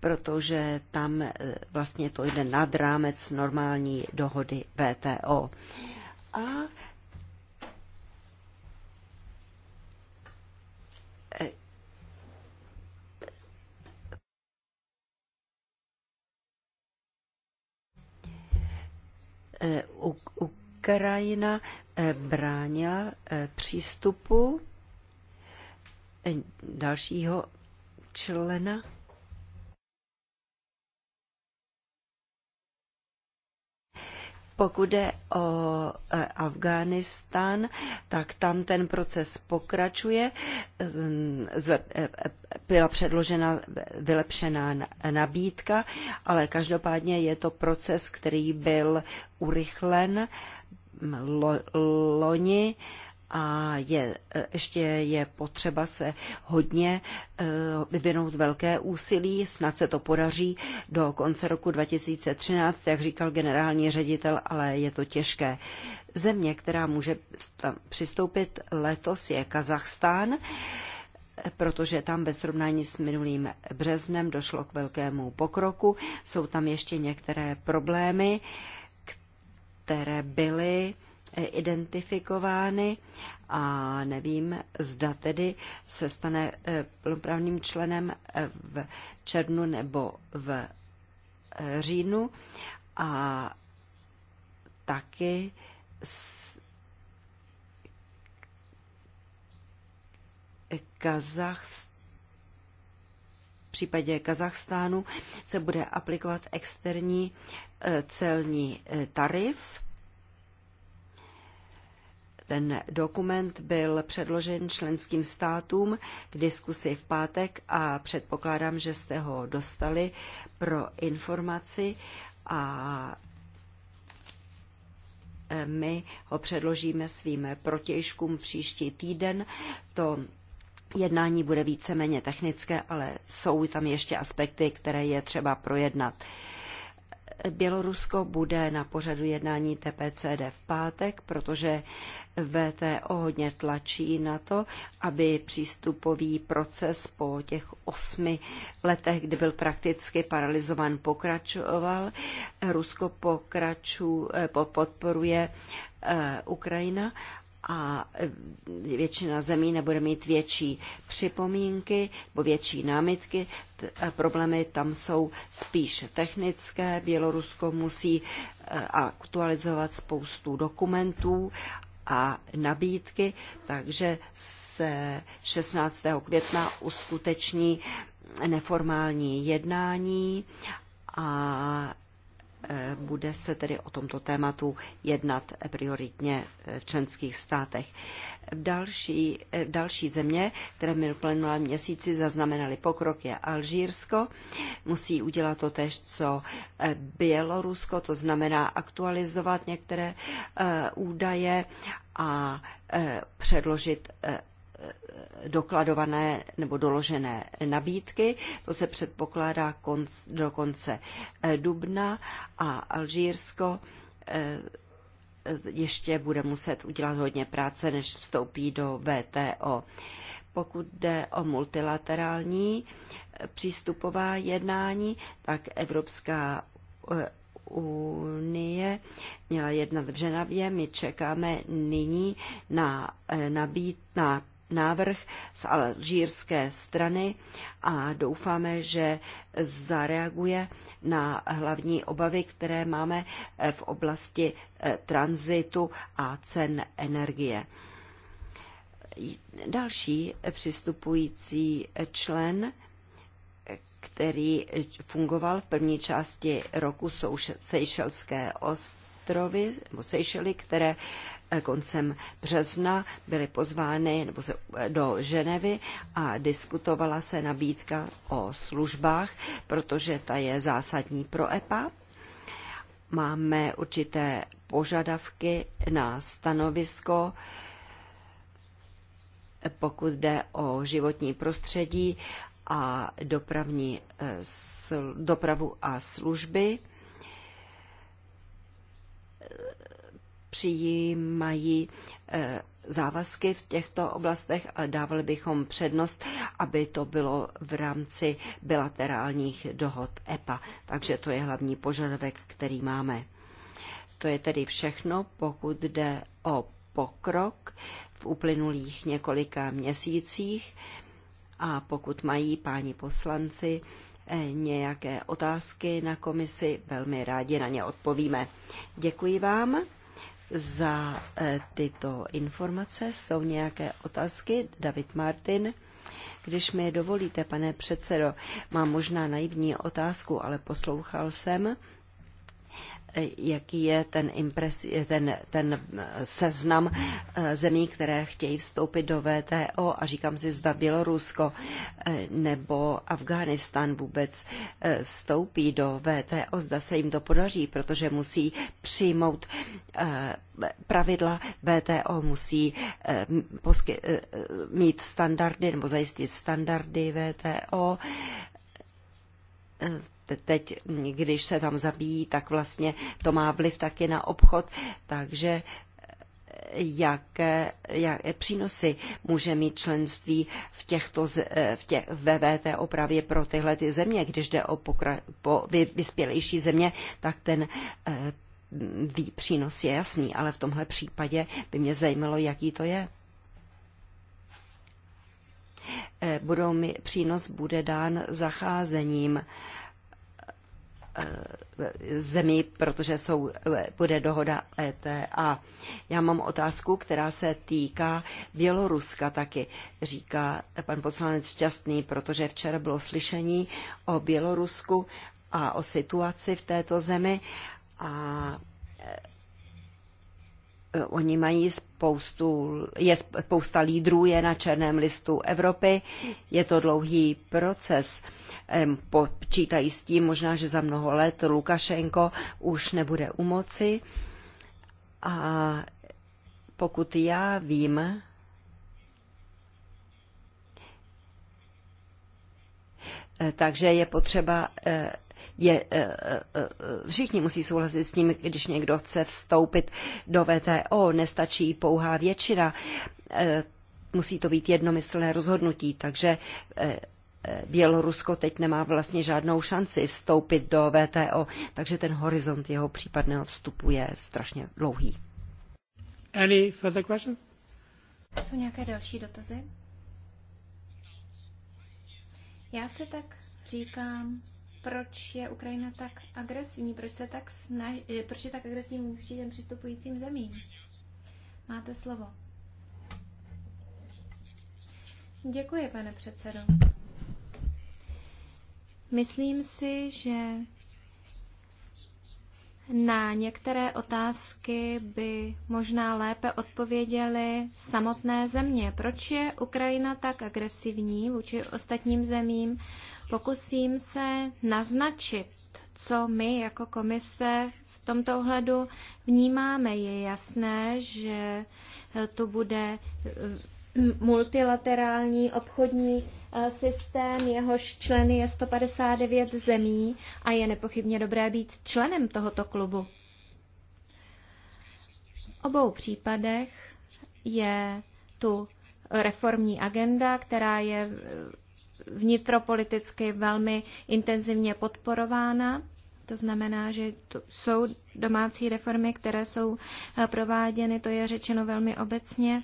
protože tam e, vlastně to jde nad rámec normální dohody VTO. A Eh, Ukrajina eh, bránila eh, přístupu dalšího člena Pokud jde o e, Afghánistán, tak tam ten proces pokračuje. Ehm, e, e, byla předložena vylepšená nabídka, ale každopádně je to proces, který byl urychlen loni a je, e, ještě je potřeba se hodně e, vyvinout velké úsilí. Snad se to podaří do konce roku 2013, jak říkal generální ředitel, ale je to těžké. Země, která může přistoupit letos, je Kazachstán protože tam ve srovnání s minulým březnem došlo k velkému pokroku. Jsou tam ještě některé problémy, které byly identifikovány a nevím, zda tedy se stane eh, plnoprávným členem eh, v červnu nebo v eh, říjnu a taky Kazachstán v případě Kazachstánu se bude aplikovat externí celní tarif ten dokument byl předložen členským státům k diskusi v pátek a předpokládám, že jste ho dostali pro informaci a e, my ho předložíme svým protějškům příští týden. To jednání bude víceméně technické, ale jsou tam ještě aspekty, které je třeba projednat. Bělorusko bude na pořadu jednání TPCD v pátek, protože VTO hodně tlačí na to, aby přístupový proces po těch osmi letech, kdy byl prakticky paralizovan, pokračoval. Rusko pokraču, eh, podporuje eh, Ukrajina a e, většina zemí nebude mít větší připomínky nebo větší námitky. E, problémy tam jsou spíš technické. Bělorusko musí e, aktualizovat spoustu dokumentů a nabídky, takže se 16. května uskuteční neformální jednání a Eh, bude se tedy o tomto tématu jednat prioritně eh, v členských státech. další, eh, další země, které v minulém měsíci zaznamenaly pokrok, je Alžírsko. Musí udělat to tež, co Bělorusko, to znamená aktualizovat některé údaje a předložit dokladované nebo doložené nabídky. To se předpokládá konc, do konce eh, dubna a Alžírsko eh, ještě bude muset udělat hodně práce, než vstoupí do VTO. Pokud jde o multilaterální eh, přístupová jednání, tak Evropská unie měla jednat v Ženavě. My čekáme nyní na, být, na návrh z alžírské strany a doufáme, že zareaguje na hlavní obavy, které máme eh, v oblasti eh, tranzitu a cen energie. Další přistupující člen který fungoval v první části roku, jsou Seychelské ostrovy, Seychely, které Eh, koncem března byly pozvány nebo se, eh, do Ženevy a diskutovala se nabídka o službách, protože ta je zásadní pro EPA. Máme určité požadavky na stanovisko, eh, pokud jde o životní prostředí a dopravní, dopravu a služby přijímají eh, závazky v těchto oblastech, ale dávali bychom přednost, aby to bylo v rámci bilaterálních dohod EPA. Takže to je hlavní požadavek, který máme. To je tedy všechno, pokud jde o pokrok v uplynulých několika měsících. A pokud mají páni poslanci eh, nějaké otázky na komisi, velmi rádi na ně odpovíme. Děkuji vám za eh, tyto informace. Jsou nějaké otázky? David Martin. Když mi dovolíte, pane předsedo, mám možná naivní otázku, ale poslouchal jsem jaký je ten, impres, ten, ten eh, seznam eh, zemí, které chtějí vstoupit do VTO a říkám si, zda Bělorusko eh, nebo Afghánistán vůbec vstoupí do VTO, zda se jim to podaří, protože musí přijmout pravidla VTO, musí mít standardy nebo zajistit standardy VTO, teď, když se tam zabíjí, tak vlastně to má vliv taky na obchod, takže jaké, jaké přínosy může mít členství v těchto, eh, v tě, ve VTO právě pro tyhle ty země. Když jde o pokra, po vyspělejší země, tak ten e, přínos je jasný, ale v tomhle případě by mě zajímalo, jaký to je. Eh, budou mi, přínos bude dán zacházením. E, Eh, zemí, protože jsou, eh, bude dohoda ETA. Já mám otázku, která se týká Běloruska taky, říká pan poslanec Šťastný, protože včera bylo slyšení o Bělorusku a o situaci v této zemi a Eh, oni mají spoustu, je spousta lídrů, je na černém listu Evropy, je to dlouhý proces. Počítají s tím možná, že za mnoho let Lukašenko už nebude u moci. A pokud já vím, eh, takže je potřeba eh, je, eh, eh, eh, všichni musí souhlasit s tím, když někdo chce vstoupit do VTO, nestačí pouhá většina, musí to být jednomyslné rozhodnutí, takže Bělorusko teď nemá vlastně žádnou šanci vstoupit do VTO, takže ten horizont jeho případného vstupu je strašně dlouhý. Any further questions? Jsou nějaké další dotazy? Já se tak říkám, proč je Ukrajina tak agresivní, proč, se tak snaž, proč je tak agresivní vůči těm přistupujícím zemím. Máte slovo. Děkuji, pane předsedo. Myslím si, že na některé otázky by možná lépe odpověděly samotné země. Proč je Ukrajina tak agresivní vůči ostatním zemím? Pokusím se naznačit, co my jako komise v tomto ohledu vnímáme. Je jasné, že to bude eh, multilaterální obchodní eh, systém, jehož členy je 159 zemí a je nepochybně dobré být členem tohoto klubu. V obou případech je tu reformní agenda, která je eh, vnitropoliticky velmi intenzivně podporována. To znamená, že to jsou domácí reformy, které jsou eh, prováděny, to je řečeno velmi obecně.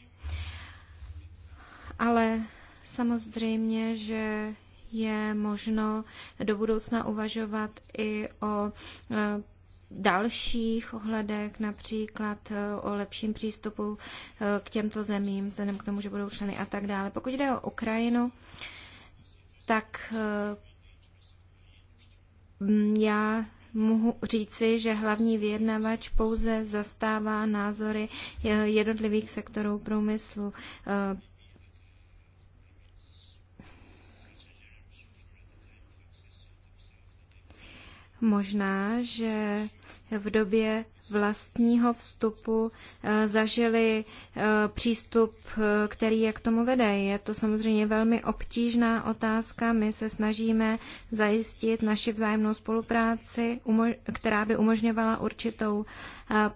Ale samozřejmě, že je možno do budoucna uvažovat i o eh, dalších ohledech, například eh, o lepším přístupu k těmto zemím, vzhledem k tomu, že budou členy a tak dále. Pokud jde o Ukrajinu, tak eh, já mohu říci, že hlavní vyjednavač pouze zastává názory eh, jednotlivých sektorů průmyslu. Eh, možná, že v době vlastního vstupu eh, zažili eh, přístup, eh, který je k tomu vede. Je to samozřejmě velmi obtížná otázka. My se snažíme zajistit naši vzájemnou spolupráci, která by umožňovala určitou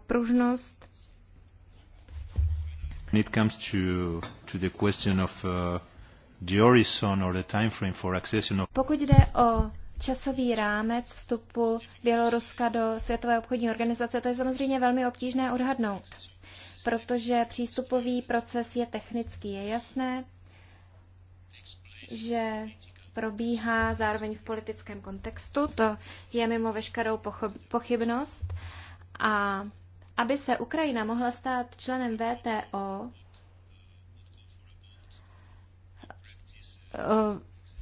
pružnost. When it comes to, to the question of uh, the horizon or the time frame for accession of... Pokud jde o časový rámec vstupu Běloruska do Světové obchodní organizace, to je samozřejmě velmi obtížné odhadnout, protože přístupový proces je technický. Je jasné, že probíhá zároveň v politickém kontextu, to je mimo veškerou pochybnost. A aby se Ukrajina mohla stát členem VTO,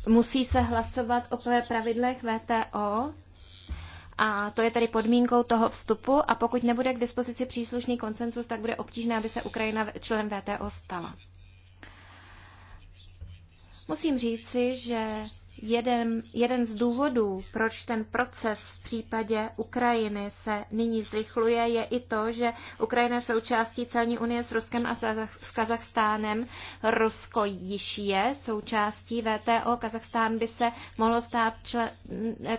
musí se hlasovat o pravidlech VTO a to je tedy podmínkou toho vstupu a pokud nebude k dispozici příslušný konsensus, tak bude obtížné, aby se Ukrajina členem VTO stala. Musím říci, že jeden, jeden z důvodů, proč ten proces v případě Ukrajiny se nyní zrychluje, je i to, že Ukrajina je součástí celní unie s Ruskem a s Kazachstánem. Rusko již je součástí VTO. Kazachstán by se mohl stát člen,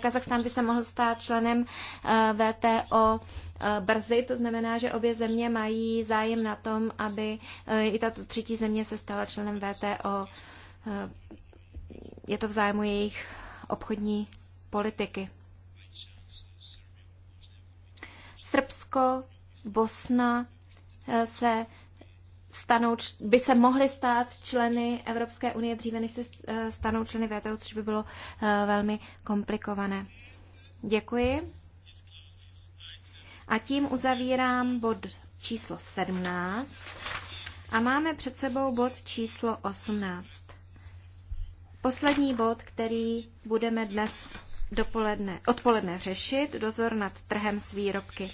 Kazachstán by se mohl stát členem eh, VTO eh, brzy. To znamená, že obě země mají zájem na tom, aby eh, i tato třetí země se stala členem VTO je to v zájmu jejich obchodní politiky. Srbsko, Bosna eh, se stanou, by se mohly stát členy Evropské unie dříve, než se eh, stanou členy VTO, což by bylo eh, velmi komplikované. Děkuji. A tím uzavírám bod číslo 17 a máme před sebou bod číslo 18. Poslední bod, který budeme dnes dopoledne, odpoledne řešit, dozor nad trhem s výrobky.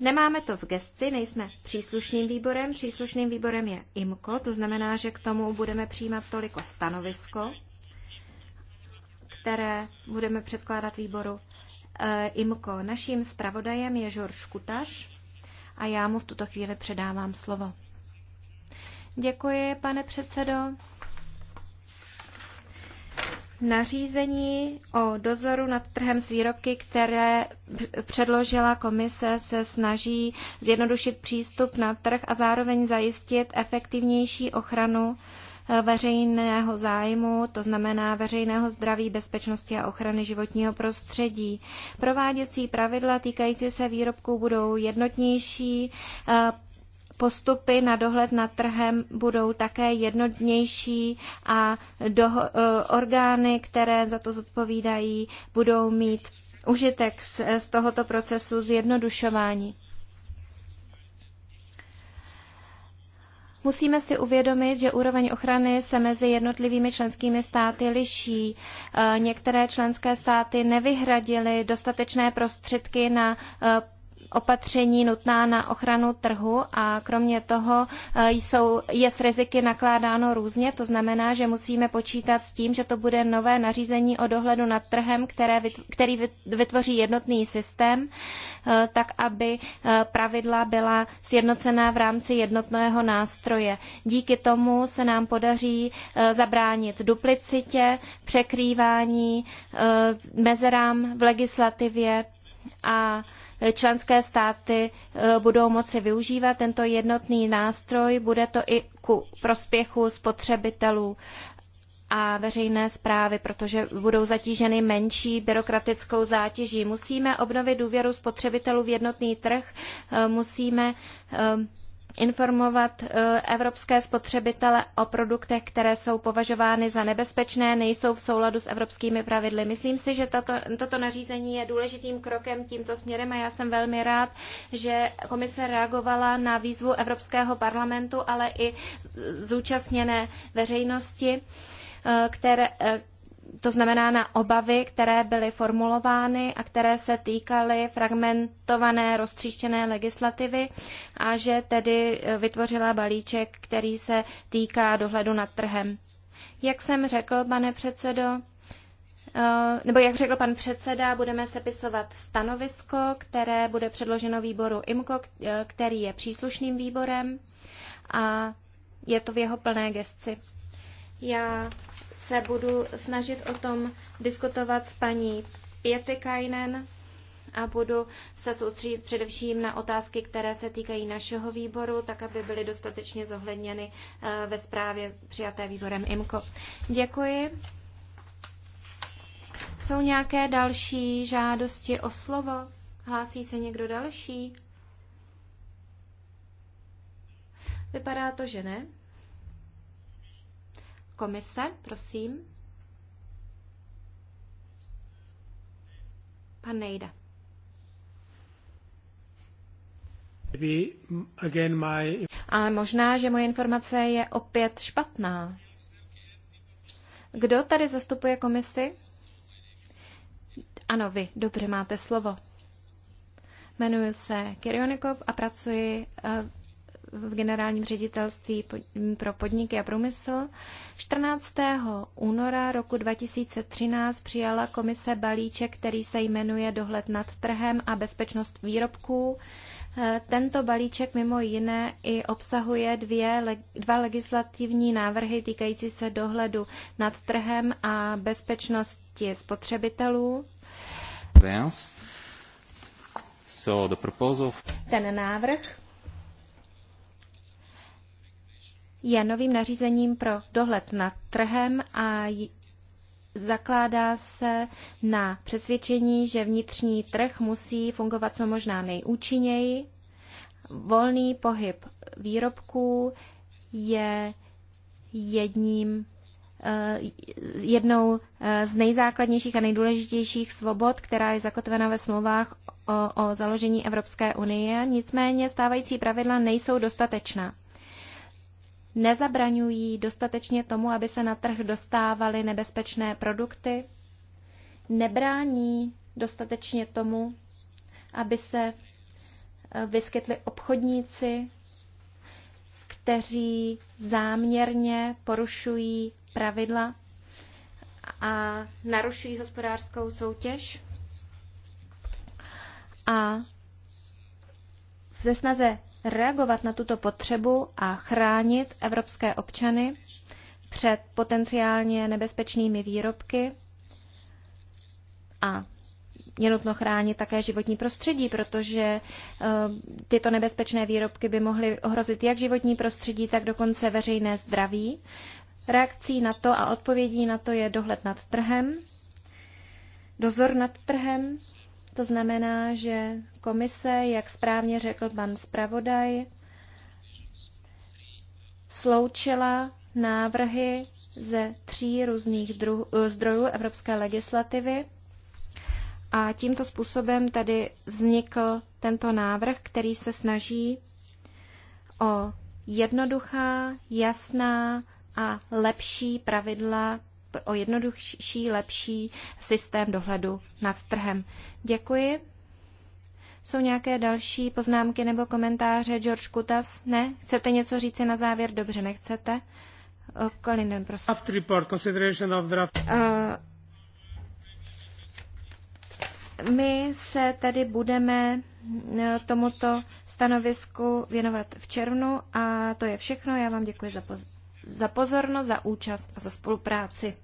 Nemáme to v gesci, nejsme příslušným výborem. Příslušným výborem je IMKO, to znamená, že k tomu budeme přijímat toliko stanovisko, které budeme předkládat výboru e, eh, IMKO. Naším zpravodajem je Žorž Kutaš a já mu v tuto chvíli předávám slovo. Děkuji, pane předsedo. Nařízení o dozoru nad trhem s výrobky, které předložila komise, se snaží zjednodušit přístup na trh a zároveň zajistit efektivnější ochranu eh, veřejného zájmu, to znamená veřejného zdraví, bezpečnosti a ochrany životního prostředí. Prováděcí pravidla týkající se výrobků budou jednotnější, eh, postupy na dohled nad trhem budou také jednodnější a uh, orgány, které za to zodpovídají, budou mít užitek z, z tohoto procesu zjednodušování. Musíme si uvědomit, že úroveň ochrany se mezi jednotlivými členskými státy liší. E, některé členské státy nevyhradily dostatečné prostředky na e, opatření nutná na ochranu trhu a kromě toho eh, jsou, je s riziky nakládáno různě. To znamená, že musíme počítat s tím, že to bude nové nařízení o dohledu nad trhem, které, který vytvoří jednotný systém, eh, tak aby eh, pravidla byla sjednocená v rámci jednotného nástroje. Díky tomu se nám podaří zabránit duplicitě, překrývání, mezerám v legislativě, a členské státy e, budou moci využívat tento jednotný nástroj. Bude to i ku prospěchu spotřebitelů a veřejné zprávy, protože budou zatíženy menší byrokratickou zátěží. Musíme obnovit důvěru spotřebitelů v jednotný trh, e, musíme e, informovat eh, evropské spotřebitele o produktech, které jsou považovány za nebezpečné, nejsou v souladu s evropskými pravidly. Myslím si, že tato, toto nařízení je důležitým krokem tímto směrem a já jsem velmi rád, že komise reagovala na výzvu Evropského parlamentu, ale i zúčastněné veřejnosti eh, které, eh, to znamená na obavy, které byly formulovány a které se týkaly fragmentované, roztříštěné legislativy a že tedy eh, vytvořila balíček, který se týká dohledu nad trhem. Jak jsem řekl, pane předsedo, eh, nebo jak řekl pan předseda, budeme sepisovat stanovisko, které bude předloženo výboru IMCO, eh, který je příslušným výborem a je to v jeho plné gesci. Já se budu snažit o tom diskutovat s paní Pietikainen a budu se soustředit především na otázky, které se týkají našeho výboru, tak aby byly dostatečně zohledněny eh, ve zprávě přijaté výborem IMCO. Děkuji. Jsou nějaké další žádosti o slovo? Hlásí se někdo další? Vypadá to, že ne. Komise, prosím. Pan Nejda. Ale možná, že moje informace je opět špatná. Kdo tady zastupuje komisi? Ano, vy. Dobře, máte slovo. Jmenuji se Kirionikov a pracuji eh, v generálním ředitelství pro podniky a průmysl. 14. února roku 2013 přijala komise balíček, který se jmenuje Dohled nad trhem a bezpečnost výrobků. Eh, tento balíček mimo jiné i obsahuje dvě, dva legislativní návrhy týkající se dohledu nad trhem a bezpečnosti spotřebitelů. Ten návrh je novým nařízením pro dohled nad trhem a zakládá se na přesvědčení, že vnitřní trh musí fungovat co možná nejúčinněji. Volný pohyb výrobků je jedním eh, jednou eh, z nejzákladnějších a nejdůležitějších svobod, která je zakotvena ve smlouvách o, o založení Evropské unie. Nicméně stávající pravidla nejsou dostatečná nezabraňují dostatečně tomu, aby se na trh dostávaly nebezpečné produkty, nebrání dostatečně tomu, aby se eh, vyskytli obchodníci, kteří záměrně porušují pravidla a narušují hospodářskou soutěž. A ze snaze reagovat na tuto potřebu a chránit evropské občany před potenciálně nebezpečnými výrobky a je nutno chránit také životní prostředí, protože eh, tyto nebezpečné výrobky by mohly ohrozit jak životní prostředí, tak dokonce veřejné zdraví. Reakcí na to a odpovědí na to je dohled nad trhem, dozor nad trhem to znamená, že komise, jak správně řekl pan zpravodaj, sloučila návrhy ze tří různých eh, zdrojů evropské legislativy a tímto způsobem tady vznikl tento návrh, který se snaží o jednoduchá, jasná a lepší pravidla o jednodušší, lepší systém dohledu nad trhem. Děkuji. Jsou nějaké další poznámky nebo komentáře? George Kutas? Ne? Chcete něco říci na závěr? Dobře, nechcete. Kolinden, prosím. After report, consideration of draft. Uh, my se tedy budeme e, tomuto stanovisku věnovat v červnu a to je všechno. Já vám děkuji za pozornost za pozornost, za účast a za spolupráci.